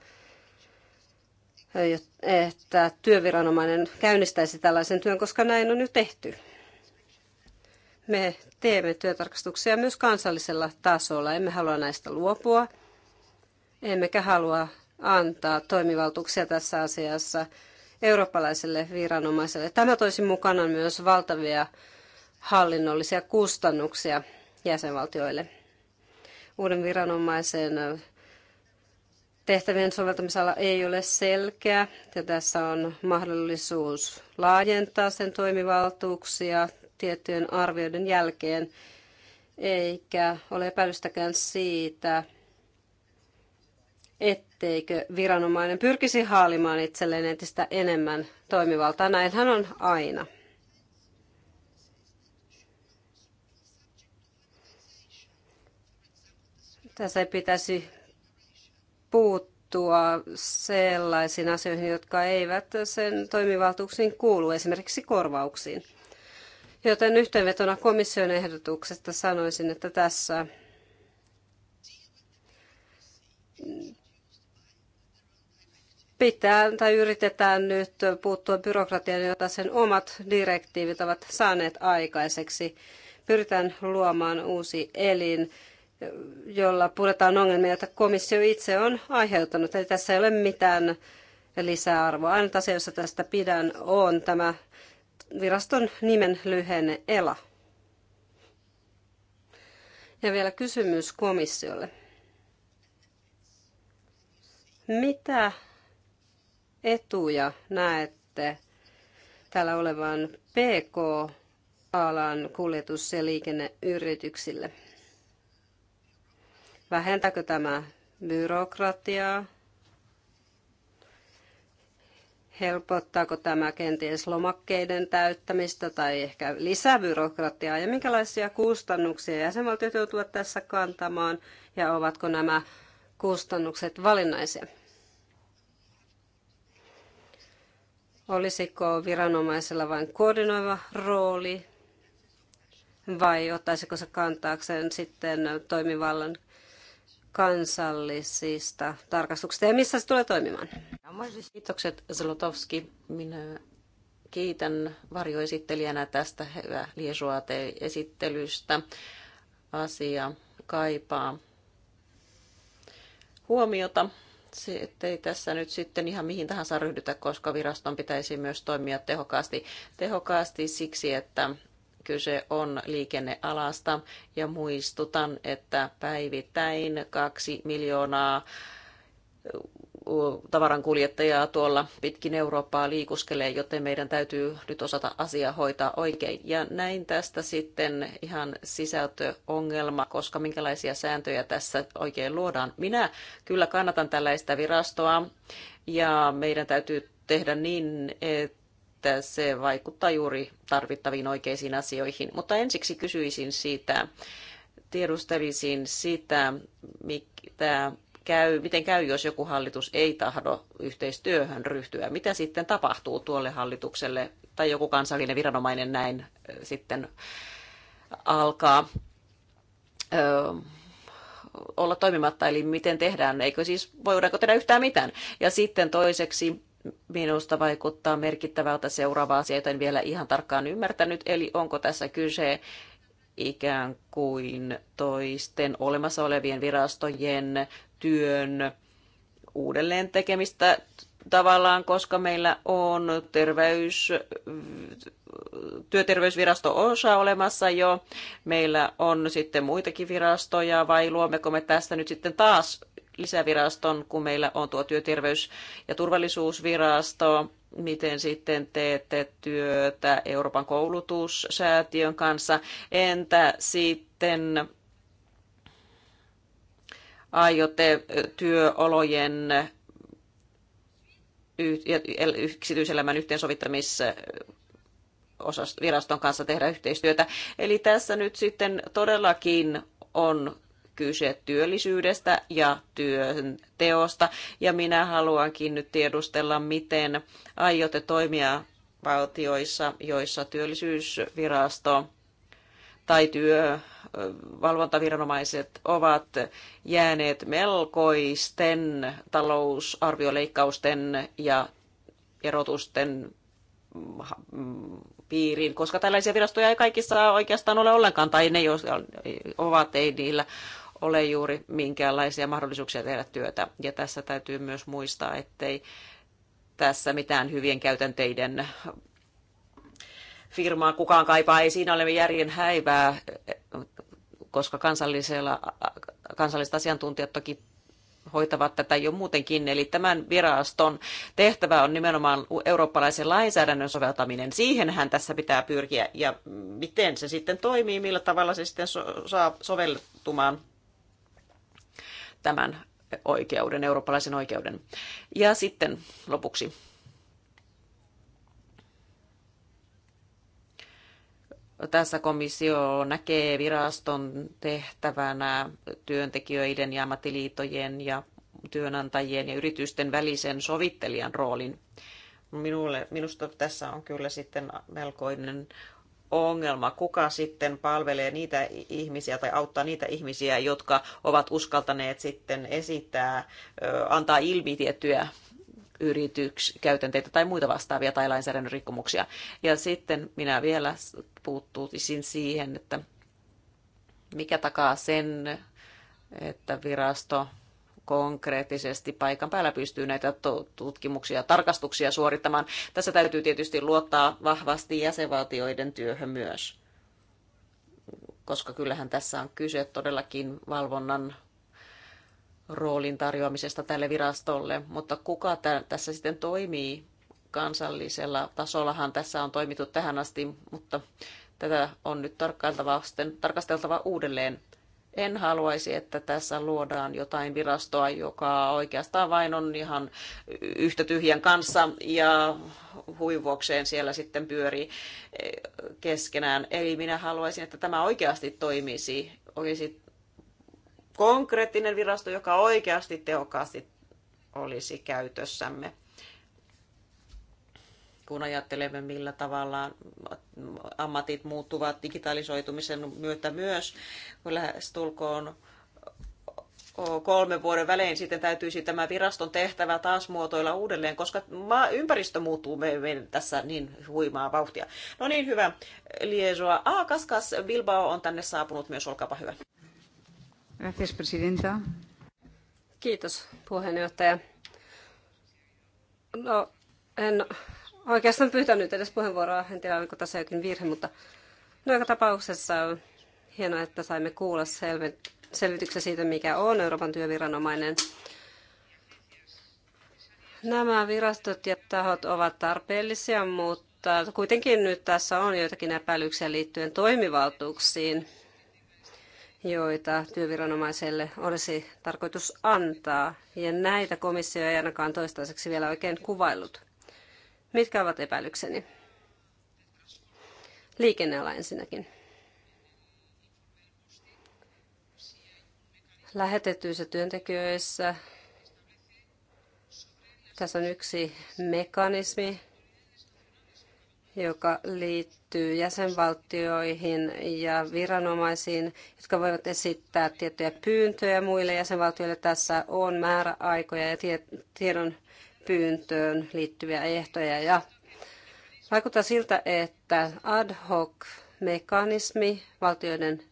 että työviranomainen käynnistäisi tällaisen työn, koska näin on jo tehty. Me teemme työtarkastuksia myös kansallisella tasolla. Emme halua näistä luopua, emmekä halua antaa toimivaltuuksia tässä asiassa eurooppalaiselle viranomaiselle. Tämä toisi mukana myös valtavia hallinnollisia kustannuksia jäsenvaltioille. Uuden viranomaisen tehtävien soveltamisala ei ole selkeä ja tässä on mahdollisuus laajentaa sen toimivaltuuksia tiettyjen arvioiden jälkeen, eikä ole epäilystäkään siitä, että etteikö viranomainen pyrkisi haalimaan itselleen entistä enemmän toimivaltaa. Näinhän on aina. Tässä ei pitäisi puuttua sellaisiin asioihin, jotka eivät sen toimivaltuuksiin kuulu, esimerkiksi korvauksiin. Joten yhteenvetona komission ehdotuksesta sanoisin, että tässä pitää tai yritetään nyt puuttua byrokratiaan, jota sen omat direktiivit ovat saaneet aikaiseksi. Pyritään luomaan uusi elin, jolla puretaan ongelmia, joita komissio itse on aiheuttanut. Eli tässä ei ole mitään lisäarvoa. Ainoa asia, jossa tästä pidän, on tämä viraston nimen lyhenne ELA. Ja vielä kysymys komissiolle. Mitä etuja näette täällä olevan PK-alan kuljetus- ja liikenneyrityksille? Vähentääkö tämä byrokratiaa? Helpottaako tämä kenties lomakkeiden täyttämistä tai ehkä lisäbyrokratiaa? Ja minkälaisia kustannuksia jäsenvaltiot joutuvat tässä kantamaan? Ja ovatko nämä kustannukset valinnaisia? Olisiko viranomaisella vain koordinoiva rooli vai ottaisiko se kantaakseen sitten toimivallan kansallisista tarkastuksista ja missä se tulee toimimaan? Kiitokset Zlotowski. Minä kiitän varjoesittelijänä tästä hyvä Liesuate-esittelystä. Asia kaipaa huomiota paitsi, ettei tässä nyt sitten ihan mihin tahansa ryhdytä, koska viraston pitäisi myös toimia tehokkaasti. Tehokkaasti siksi, että kyse on liikennealasta ja muistutan, että päivittäin kaksi miljoonaa tavarankuljettajaa tuolla pitkin Eurooppaa liikuskelee, joten meidän täytyy nyt osata asia hoitaa oikein. Ja näin tästä sitten ihan sisältöongelma, koska minkälaisia sääntöjä tässä oikein luodaan. Minä kyllä kannatan tällaista virastoa ja meidän täytyy tehdä niin, että että se vaikuttaa juuri tarvittaviin oikeisiin asioihin. Mutta ensiksi kysyisin siitä, tiedustelisin sitä, mitä käy, miten käy, jos joku hallitus ei tahdo yhteistyöhön ryhtyä? Mitä sitten tapahtuu tuolle hallitukselle tai joku kansallinen viranomainen näin sitten alkaa ö, olla toimimatta, eli miten tehdään, eikö siis voidaanko tehdä yhtään mitään. Ja sitten toiseksi minusta vaikuttaa merkittävältä seuraava asia, jota en vielä ihan tarkkaan ymmärtänyt, eli onko tässä kyse ikään kuin toisten olemassa olevien virastojen työn uudelleen tekemistä tavallaan, koska meillä on terveys, työterveysvirasto osa olemassa jo. Meillä on sitten muitakin virastoja, vai luommeko me tästä nyt sitten taas lisäviraston, kun meillä on tuo työterveys- ja turvallisuusvirasto, miten sitten teette työtä Euroopan koulutussäätiön kanssa, entä sitten aiotte työolojen yksityiselämän yhteensovittamisviraston viraston kanssa tehdä yhteistyötä. Eli tässä nyt sitten todellakin on kyse työllisyydestä ja työn teosta. Ja minä haluankin nyt tiedustella, miten aiotte toimia valtioissa, joissa työllisyysvirasto tai työ, valvontaviranomaiset ovat jääneet melkoisten talousarvioleikkausten ja erotusten mm, piiriin, koska tällaisia virastoja ei kaikissa oikeastaan ole ollenkaan, tai ne, jos ovat, ei niillä ole juuri minkäänlaisia mahdollisuuksia tehdä työtä. Ja tässä täytyy myös muistaa, ettei tässä mitään hyvien käytänteiden firmaa kukaan kaipaa. Ei siinä ole järjen häivää, koska kansallisella, kansalliset asiantuntijat toki hoitavat tätä jo muutenkin. Eli tämän viraston tehtävä on nimenomaan eurooppalaisen lainsäädännön soveltaminen. Siihenhän tässä pitää pyrkiä. Ja miten se sitten toimii, millä tavalla se sitten so- saa soveltumaan tämän oikeuden, eurooppalaisen oikeuden. Ja sitten lopuksi Tässä komissio näkee viraston tehtävänä työntekijöiden ja ammattiliittojen ja työnantajien ja yritysten välisen sovittelijan roolin. Minulle, minusta tässä on kyllä sitten melkoinen ongelma, kuka sitten palvelee niitä ihmisiä tai auttaa niitä ihmisiä, jotka ovat uskaltaneet sitten esittää, antaa ilmi tiettyjä yrityks, käytänteitä tai muita vastaavia tai lainsäädännön rikkomuksia. Ja sitten minä vielä puuttuisin siihen, että mikä takaa sen, että virasto konkreettisesti paikan päällä pystyy näitä tutkimuksia ja tarkastuksia suorittamaan. Tässä täytyy tietysti luottaa vahvasti jäsenvaltioiden työhön myös, koska kyllähän tässä on kyse todellakin valvonnan roolin tarjoamisesta tälle virastolle, mutta kuka tässä sitten toimii? Kansallisella tasollahan tässä on toimittu tähän asti, mutta tätä on nyt tarkasteltava uudelleen. En haluaisi, että tässä luodaan jotain virastoa, joka oikeastaan vain on ihan yhtä tyhjän kanssa ja huivuokseen siellä sitten pyörii keskenään. Eli minä haluaisin, että tämä oikeasti toimisi, olisi konkreettinen virasto, joka oikeasti tehokkaasti olisi käytössämme. Kun ajattelemme, millä tavalla ammatit muuttuvat digitalisoitumisen myötä myös, kun lähestulkoon kolmen vuoden välein sitten täytyisi tämä viraston tehtävä taas muotoilla uudelleen, koska maa, ympäristö muuttuu meidän tässä niin huimaa vauhtia. No niin, hyvä Liesoa. Ah, Kaskas Bilbao on tänne saapunut myös, olkaapa hyvä. Gracias, presidenta. Kiitos, puheenjohtaja. No, en oikeastaan pyytänyt edes puheenvuoroa, en tiedä oliko tässä jokin virhe, mutta no joka tapauksessa on hienoa, että saimme kuulla selvityksen siitä, mikä on Euroopan työviranomainen. Nämä virastot ja tahot ovat tarpeellisia, mutta kuitenkin nyt tässä on joitakin epäilyksiä liittyen toimivaltuuksiin joita työviranomaiselle olisi tarkoitus antaa, ja näitä komissio ei ainakaan toistaiseksi vielä oikein kuvaillut. Mitkä ovat epäilykseni? Liikenneala ensinnäkin. Lähetetyissä työntekijöissä tässä on yksi mekanismi, joka liittyy jäsenvaltioihin ja viranomaisiin, jotka voivat esittää tiettyjä pyyntöjä muille jäsenvaltioille. Tässä on määräaikoja ja tie- tiedon pyyntöön liittyviä ehtoja. Ja vaikuttaa siltä, että ad hoc mekanismi valtioiden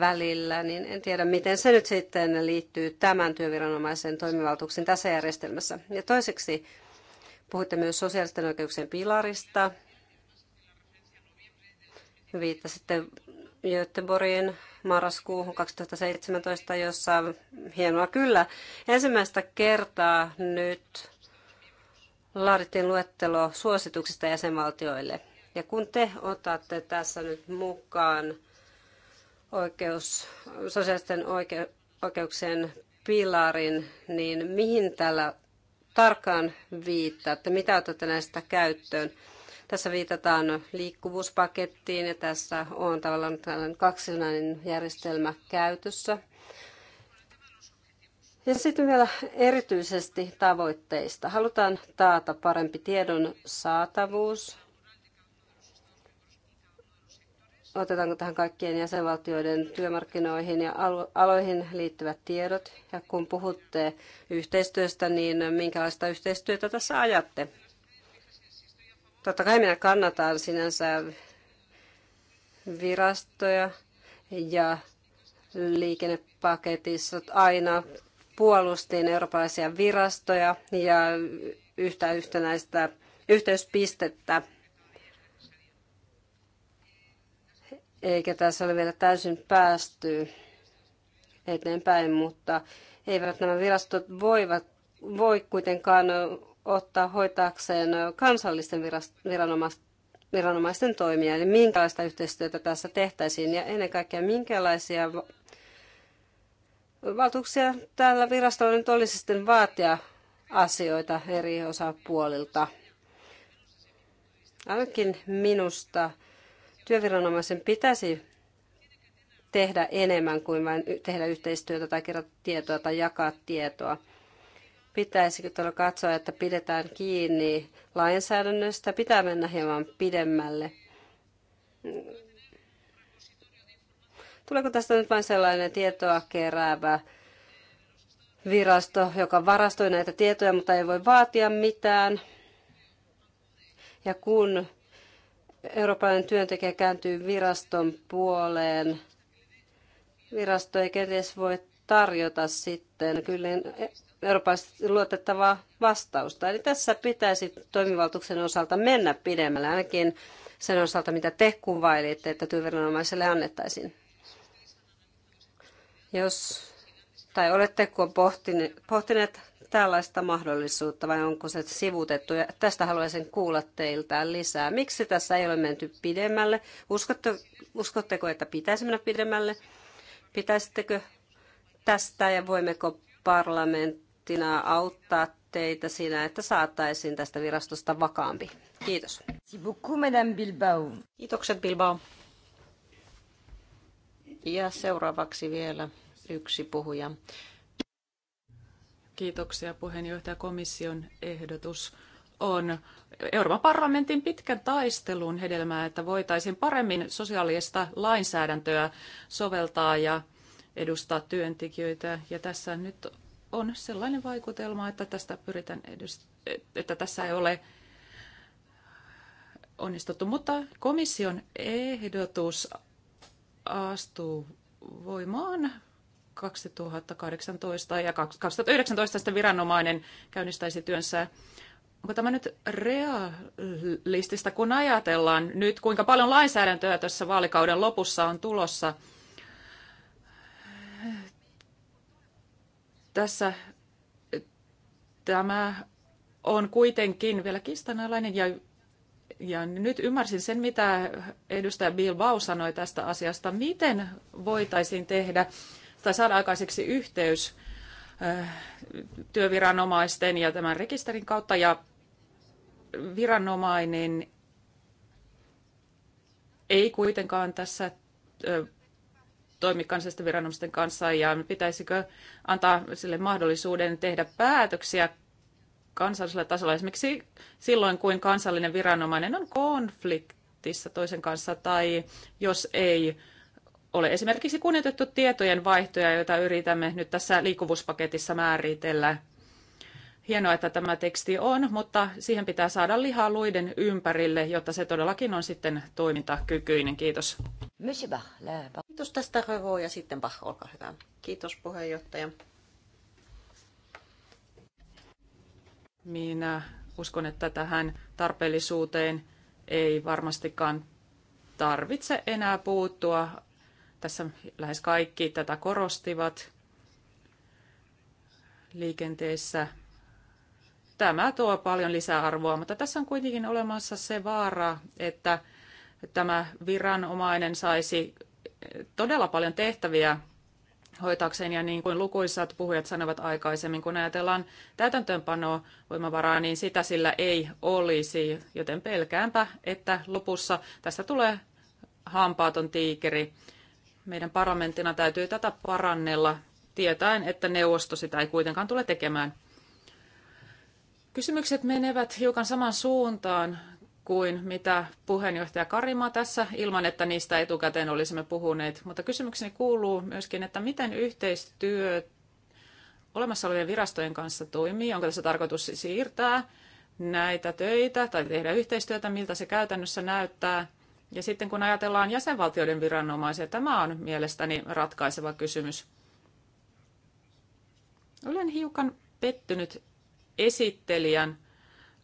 välillä, niin en tiedä, miten se nyt sitten liittyy tämän työviranomaisen toimivaltuuksiin tässä järjestelmässä. Ja toiseksi puhutte myös sosiaalisten oikeuksien pilarista Viittasitte Göteborgin marraskuuhun 2017, jossa hienoa kyllä ensimmäistä kertaa nyt laadittiin luettelo suosituksista jäsenvaltioille. Ja kun te otatte tässä nyt mukaan oikeus, sosiaalisten oike, oikeuksien pilarin, niin mihin tällä tarkkaan viittaatte? Mitä otatte näistä käyttöön? Tässä viitataan liikkuvuuspakettiin ja tässä on tavallaan tällainen kaksinainen järjestelmä käytössä. Ja sitten vielä erityisesti tavoitteista. Halutaan taata parempi tiedon saatavuus. Otetaanko tähän kaikkien jäsenvaltioiden työmarkkinoihin ja aloihin liittyvät tiedot? Ja kun puhutte yhteistyöstä, niin minkälaista yhteistyötä tässä ajatte? Totta kai minä kannatan sinänsä virastoja ja liikennepaketissa aina puolustin eurooppalaisia virastoja ja yhtä yhtenäistä yhteyspistettä. Eikä tässä ole vielä täysin päästy eteenpäin, mutta eivät nämä virastot voivat, voi kuitenkaan ottaa hoitaakseen kansallisten viranomaisten toimia, eli minkälaista yhteistyötä tässä tehtäisiin ja ennen kaikkea minkälaisia valtuuksia tällä virastolla nyt olisi sitten vaatia asioita eri osapuolilta. Ainakin minusta työviranomaisen pitäisi tehdä enemmän kuin vain tehdä yhteistyötä tai kerätä tietoa tai jakaa tietoa. Pitäisikö tuolla katsoa, että pidetään kiinni lainsäädännöstä? Pitää mennä hieman pidemmälle. Tuleeko tästä nyt vain sellainen tietoa keräävä virasto, joka varastoi näitä tietoja, mutta ei voi vaatia mitään? Ja kun eurooppalainen työntekijä kääntyy viraston puoleen, virasto ei kenties voi tarjota sitten kyllä eurooppalaisesti luotettavaa vastausta. Eli tässä pitäisi toimivaltuuksen osalta mennä pidemmälle, ainakin sen osalta, mitä te kuvailitte, että työviranomaiselle annettaisiin. Jos, tai oletteko pohtineet, pohtineet tällaista mahdollisuutta vai onko se sivutettu? Ja tästä haluaisin kuulla teiltä lisää. Miksi tässä ei ole menty pidemmälle? Uskotte, uskotteko, että pitäisi mennä pidemmälle? Pitäisittekö tästä ja voimmeko parlament, parlamenttina auttaa teitä siinä, että saataisiin tästä virastosta vakaampi. Kiitos. Bilbao. Kiitokset Bilbao. Ja seuraavaksi vielä yksi puhuja. Kiitoksia puheenjohtaja. Komission ehdotus on Euroopan parlamentin pitkän taistelun hedelmää, että voitaisiin paremmin sosiaalista lainsäädäntöä soveltaa ja edustaa työntekijöitä. Ja tässä nyt on sellainen vaikutelma, että, tästä pyritään että tässä ei ole onnistuttu. Mutta komission ehdotus astuu voimaan 2018 ja 2019 sitten viranomainen käynnistäisi työnsä. Onko tämä nyt realistista, kun ajatellaan nyt, kuinka paljon lainsäädäntöä tässä vaalikauden lopussa on tulossa – Tässä tämä on kuitenkin vielä kistanalainen ja, ja nyt ymmärsin sen, mitä edustaja Bilbao sanoi tästä asiasta. Miten voitaisiin tehdä tai saada aikaiseksi yhteys äh, työviranomaisten ja tämän rekisterin kautta ja viranomainen ei kuitenkaan tässä äh, toimi kansallisten viranomaisten kanssa ja pitäisikö antaa sille mahdollisuuden tehdä päätöksiä kansallisella tasolla, esimerkiksi silloin, kun kansallinen viranomainen on konfliktissa toisen kanssa tai jos ei ole esimerkiksi kunnioitettu tietojen vaihtoja, joita yritämme nyt tässä liikkuvuuspaketissa määritellä. Hienoa, että tämä teksti on, mutta siihen pitää saada lihaa luiden ympärille, jotta se todellakin on sitten toimintakykyinen. Kiitos. Kiitos tästä Rövo ja sitten Bach, olkaa hyvä. Kiitos puheenjohtaja. Minä uskon, että tähän tarpeellisuuteen ei varmastikaan tarvitse enää puuttua. Tässä lähes kaikki tätä korostivat liikenteessä Tämä tuo paljon lisäarvoa, mutta tässä on kuitenkin olemassa se vaara, että tämä viranomainen saisi todella paljon tehtäviä hoitakseen ja niin kuin lukuisat puhujat sanovat aikaisemmin, kun ajatellaan täytäntöönpanoa voimavaraa, niin sitä sillä ei olisi, joten pelkäänpä, että lopussa tästä tulee hampaaton tiikeri. Meidän parlamenttina täytyy tätä parannella, tietäen, että neuvosto sitä ei kuitenkaan tule tekemään. Kysymykset menevät hiukan saman suuntaan kuin mitä puheenjohtaja Karima tässä, ilman että niistä etukäteen olisimme puhuneet. Mutta kysymykseni kuuluu myöskin, että miten yhteistyö olemassa olevien virastojen kanssa toimii? Onko tässä tarkoitus siirtää näitä töitä tai tehdä yhteistyötä, miltä se käytännössä näyttää? Ja sitten kun ajatellaan jäsenvaltioiden viranomaisia, tämä on mielestäni ratkaiseva kysymys. Olen hiukan pettynyt esittelijän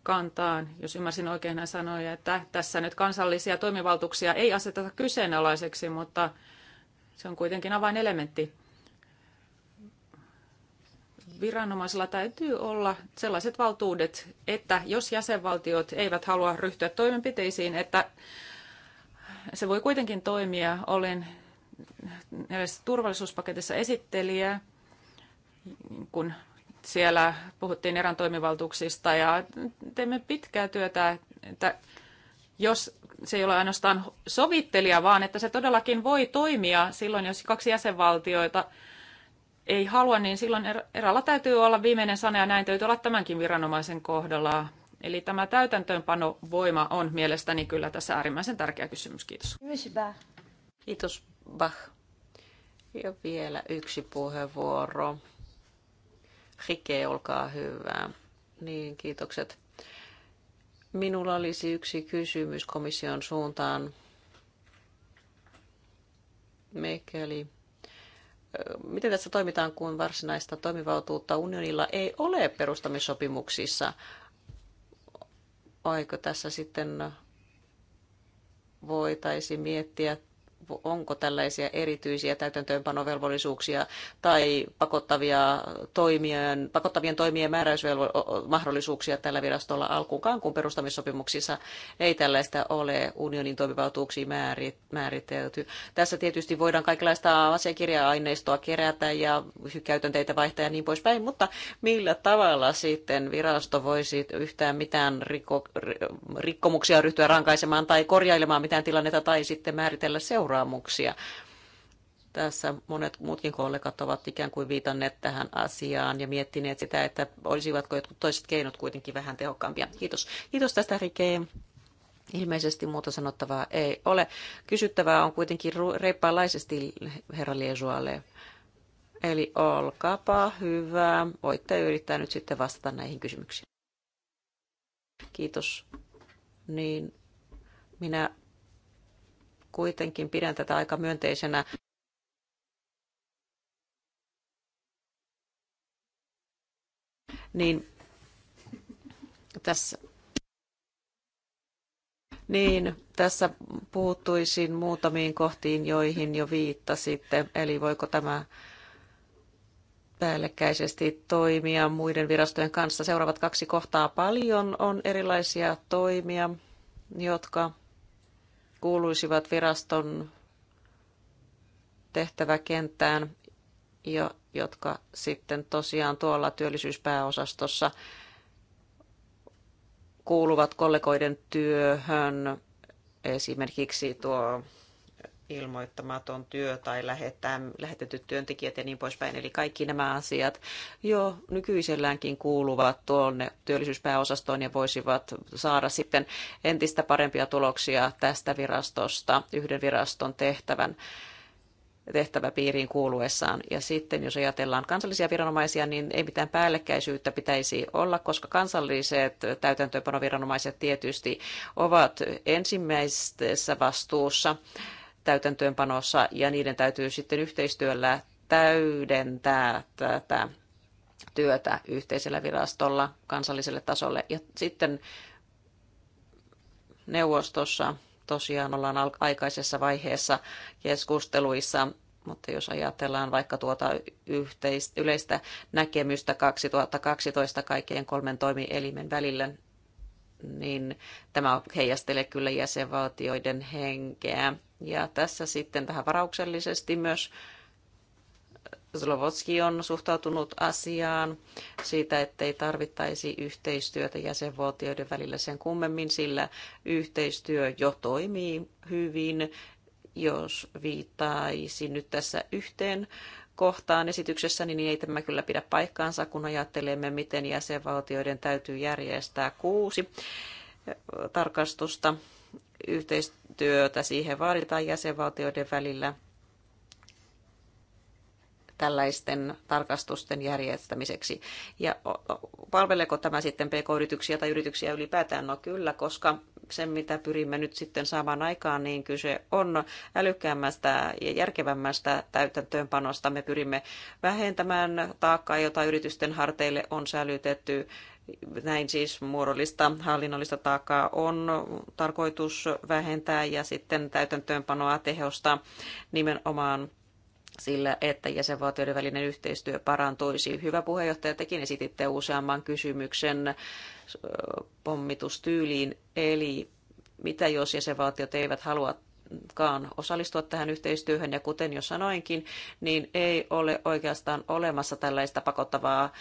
kantaan. Jos ymmärsin oikein, hän sanoi, että tässä nyt kansallisia toimivaltuuksia ei aseteta kyseenalaiseksi, mutta se on kuitenkin avainelementti. Viranomaisilla täytyy olla sellaiset valtuudet, että jos jäsenvaltiot eivät halua ryhtyä toimenpiteisiin, että se voi kuitenkin toimia. Olen turvallisuuspaketissa esittelijä, kun siellä puhuttiin erän toimivaltuuksista ja teemme pitkää työtä, että jos se ei ole ainoastaan sovittelija, vaan että se todellakin voi toimia silloin, jos kaksi jäsenvaltioita ei halua, niin silloin eralla täytyy olla viimeinen sana ja näin täytyy olla tämänkin viranomaisen kohdalla. Eli tämä täytäntöönpanovoima voima on mielestäni kyllä tässä äärimmäisen tärkeä kysymys. Kiitos. Kiitos, Bach. Ja vielä yksi puheenvuoro Rike, olkaa hyvä. Niin, kiitokset. Minulla olisi yksi kysymys komission suuntaan. Mikäli miten tässä toimitaan, kun varsinaista toimivaltuutta unionilla ei ole perustamissopimuksissa? Oiko tässä sitten voitaisiin miettiä onko tällaisia erityisiä täytäntöönpanovelvollisuuksia tai pakottavia toimien, pakottavien toimien määräysmahdollisuuksia tällä virastolla alkuunkaan, kun perustamissopimuksissa ei tällaista ole unionin toimivaltuuksiin määritelty. Tässä tietysti voidaan kaikenlaista asiakirja-aineistoa kerätä ja käytänteitä vaihtaa ja niin poispäin, mutta millä tavalla sitten virasto voisi yhtään mitään rikko, rikkomuksia ryhtyä rankaisemaan tai korjailemaan mitään tilannetta tai sitten määritellä seuraa? seuraamuksia. Tässä monet muutkin kollegat ovat ikään kuin viitanneet tähän asiaan ja miettineet sitä, että olisivatko jotkut toiset keinot kuitenkin vähän tehokkaampia. Kiitos. Kiitos tästä Rikeen. Ilmeisesti muuta sanottavaa ei ole. Kysyttävää on kuitenkin reippaalaisesti herra Liesualle. Eli olkaapa hyvä. Voitte yrittää nyt sitten vastata näihin kysymyksiin. Kiitos. Niin minä kuitenkin pidän tätä aika myönteisenä niin tässä, niin tässä puuttuisin muutamiin kohtiin, joihin jo viittasitte, eli voiko tämä päällekkäisesti toimia muiden virastojen kanssa. Seuraavat kaksi kohtaa paljon on erilaisia toimia, jotka kuuluisivat viraston tehtäväkenttään, ja jotka sitten tosiaan tuolla työllisyyspääosastossa kuuluvat kollegoiden työhön, esimerkiksi tuo ilmoittamaton työ tai lähettää, lähetetyt työntekijät ja niin poispäin. Eli kaikki nämä asiat jo nykyiselläänkin kuuluvat tuonne työllisyyspääosastoon ja voisivat saada sitten entistä parempia tuloksia tästä virastosta yhden viraston tehtävän tehtäväpiiriin kuuluessaan. Ja sitten jos ajatellaan kansallisia viranomaisia, niin ei mitään päällekkäisyyttä pitäisi olla, koska kansalliset täytäntöönpanoviranomaiset tietysti ovat ensimmäisessä vastuussa täytäntöönpanossa ja niiden täytyy sitten yhteistyöllä täydentää tätä työtä yhteisellä virastolla kansalliselle tasolle. Ja sitten neuvostossa tosiaan ollaan aikaisessa vaiheessa keskusteluissa, mutta jos ajatellaan vaikka tuota yhteistä, yleistä näkemystä 2012 kaikkien kolmen toimielimen välillä, niin tämä heijastelee kyllä jäsenvaltioiden henkeä ja tässä sitten tähän varauksellisesti myös Slovotski on suhtautunut asiaan siitä, ettei tarvittaisi yhteistyötä jäsenvaltioiden välillä sen kummemmin, sillä yhteistyö jo toimii hyvin. Jos viittaisi nyt tässä yhteen kohtaan esityksessä, niin ei tämä kyllä pidä paikkaansa, kun ajattelemme, miten jäsenvaltioiden täytyy järjestää kuusi tarkastusta yhteistyötä siihen vaaditaan jäsenvaltioiden välillä tällaisten tarkastusten järjestämiseksi. Ja palveleeko tämä sitten pk-yrityksiä tai yrityksiä ylipäätään? No kyllä, koska se mitä pyrimme nyt sitten saamaan aikaan, niin kyse on älykkäämmästä ja järkevämmästä täytäntöönpanosta. Me pyrimme vähentämään taakkaa, jota yritysten harteille on sälytetty näin siis muodollista hallinnollista taakkaa on tarkoitus vähentää ja sitten täytäntöönpanoa tehosta nimenomaan sillä, että jäsenvaltioiden välinen yhteistyö parantuisi. Hyvä puheenjohtaja, tekin esititte useamman kysymyksen pommitustyyliin, eli mitä jos jäsenvaltiot eivät halua osallistua tähän yhteistyöhön ja kuten jo sanoinkin, niin ei ole oikeastaan olemassa tällaista pakottavaa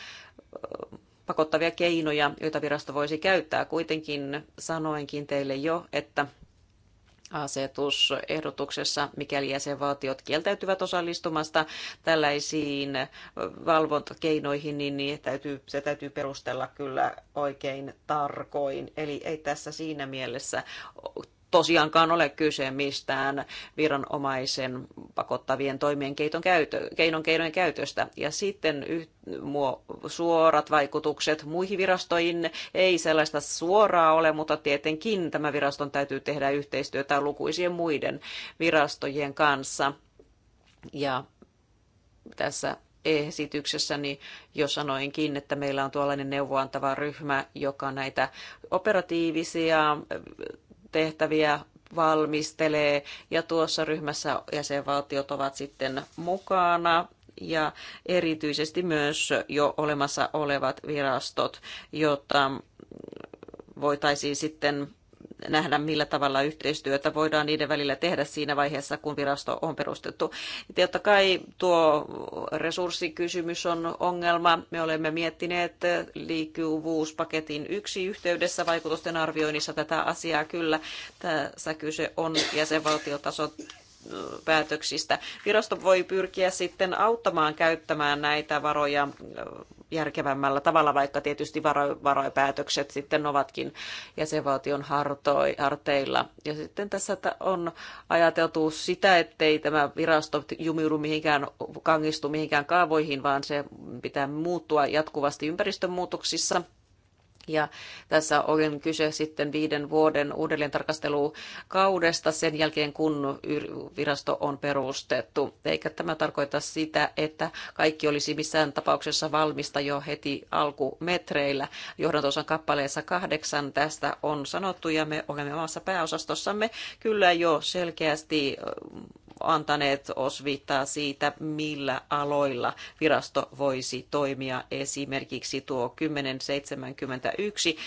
pakottavia keinoja, joita virasto voisi käyttää. Kuitenkin sanoinkin teille jo, että asetusehdotuksessa, mikäli jäsenvaltiot kieltäytyvät osallistumasta tällaisiin valvontakeinoihin, niin, niin täytyy, se täytyy perustella kyllä oikein tarkoin. Eli ei tässä siinä mielessä tosiaankaan ole kyse mistään viranomaisen pakottavien toimien keiton käytö, keinon keinojen käytöstä. Ja sitten yht, muo, suorat vaikutukset muihin virastoihin ei sellaista suoraa ole, mutta tietenkin tämä viraston täytyy tehdä yhteistyötä lukuisien muiden virastojen kanssa. Ja tässä esityksessä niin jo sanoinkin, että meillä on tuollainen neuvoantava ryhmä, joka näitä operatiivisia tehtäviä valmistelee ja tuossa ryhmässä jäsenvaltiot ovat sitten mukana ja erityisesti myös jo olemassa olevat virastot, jotta voitaisiin sitten nähdä, millä tavalla yhteistyötä voidaan niiden välillä tehdä siinä vaiheessa, kun virasto on perustettu. Totta kai tuo resurssikysymys on ongelma. Me olemme miettineet liikkuvuuspaketin yksi yhteydessä vaikutusten arvioinnissa tätä asiaa kyllä. Tässä kyse on jäsenvaltiotason päätöksistä. Virasto voi pyrkiä sitten auttamaan käyttämään näitä varoja järkevämmällä tavalla, vaikka tietysti varo, varoipäätökset sitten ovatkin jäsenvaltion hartoi, harteilla. Ja sitten tässä on ajateltu sitä, ettei tämä virasto jumiudu mihinkään, kangistu mihinkään kaavoihin, vaan se pitää muuttua jatkuvasti ympäristön muutoksissa ja tässä on kyse sitten viiden vuoden uudelleentarkastelukaudesta sen jälkeen, kun virasto on perustettu. Eikä tämä tarkoita sitä, että kaikki olisi missään tapauksessa valmista jo heti alkumetreillä. Johdantosan kappaleessa kahdeksan tästä on sanottu ja me olemme omassa pääosastossamme kyllä jo selkeästi antaneet osviittaa siitä, millä aloilla virasto voisi toimia. Esimerkiksi tuo 1071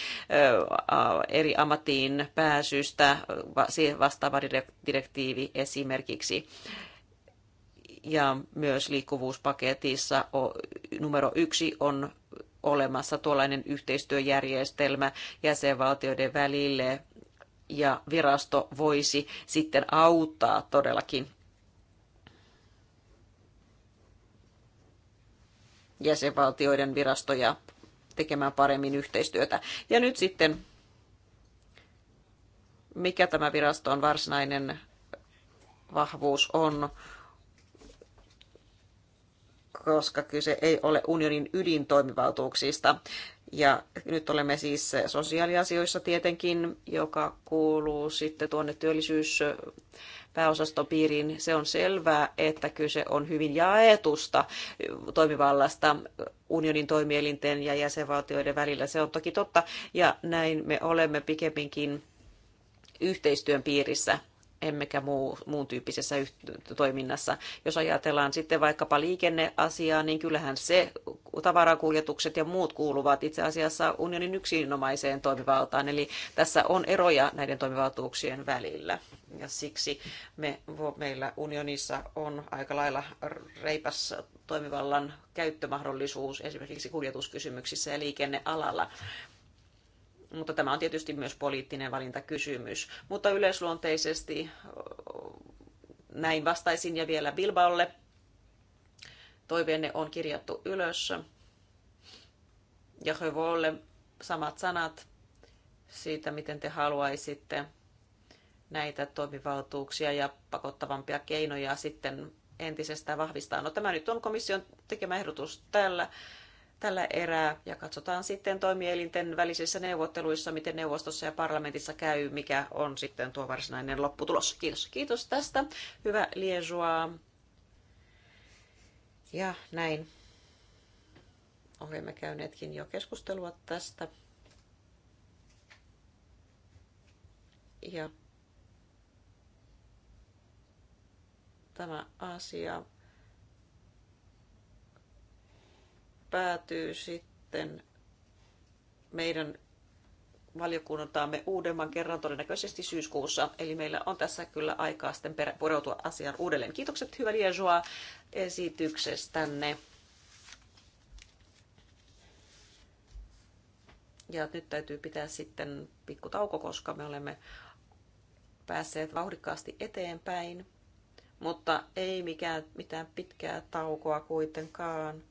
eri ammattiin pääsystä vastaava direktiivi esimerkiksi ja myös liikkuvuuspaketissa numero yksi on olemassa tuollainen yhteistyöjärjestelmä jäsenvaltioiden välille ja virasto voisi sitten auttaa todellakin jäsenvaltioiden virastoja tekemään paremmin yhteistyötä. Ja nyt sitten, mikä tämä viraston varsinainen vahvuus on, koska kyse ei ole unionin ydintoimivaltuuksista. Ja nyt olemme siis sosiaaliasioissa tietenkin, joka kuuluu sitten tuonne työllisyys pääosastopiiriin. Se on selvää, että kyse on hyvin jaetusta toimivallasta unionin toimielinten ja jäsenvaltioiden välillä. Se on toki totta, ja näin me olemme pikemminkin yhteistyön piirissä emmekä muu, muun tyyppisessä toiminnassa. Jos ajatellaan sitten vaikkapa liikenneasiaa, niin kyllähän se tavarakuljetukset ja muut kuuluvat itse asiassa unionin yksinomaiseen toimivaltaan, eli tässä on eroja näiden toimivaltuuksien välillä. Ja siksi me, meillä unionissa on aika lailla reipas toimivallan käyttömahdollisuus esimerkiksi kuljetuskysymyksissä ja liikennealalla. Mutta tämä on tietysti myös poliittinen valintakysymys. Mutta yleisluonteisesti näin vastaisin ja vielä Bilbaolle. Toiveenne on kirjattu ylös. Ja Hövolle samat sanat siitä, miten te haluaisitte näitä toimivaltuuksia ja pakottavampia keinoja sitten entisestään vahvistaa. No tämä nyt on komission tekemä ehdotus tällä tällä erää ja katsotaan sitten toimielinten välisissä neuvotteluissa, miten neuvostossa ja parlamentissa käy, mikä on sitten tuo varsinainen lopputulos. Kiitos. Kiitos tästä. Hyvä liesua. Ja näin. Olemme käyneetkin jo keskustelua tästä. Ja tämä asia päätyy sitten meidän valiokunnantaamme uudemman kerran todennäköisesti syyskuussa. Eli meillä on tässä kyllä aikaa sitten pureutua asiaan uudelleen. Kiitokset hyvä Liesua esityksestänne. Ja nyt täytyy pitää sitten pikku tauko, koska me olemme päässeet vauhdikkaasti eteenpäin. Mutta ei mikään, mitään pitkää taukoa kuitenkaan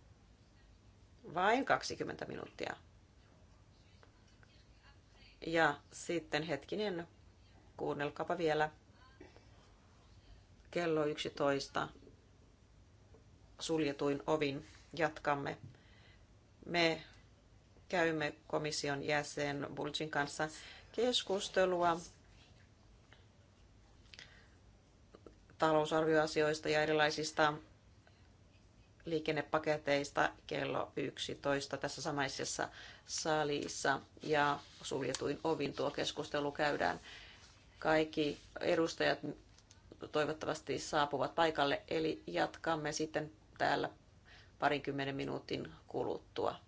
vain 20 minuuttia. Ja sitten hetkinen, kuunnelkaapa vielä. Kello 11 suljetuin ovin jatkamme. Me käymme komission jäsen Bulgin kanssa keskustelua talousarvioasioista ja erilaisista liikennepaketeista kello 11 tässä samaisessa salissa ja suljetuin ovin tuo keskustelu käydään. Kaikki edustajat toivottavasti saapuvat paikalle, eli jatkamme sitten täällä parinkymmenen minuutin kuluttua.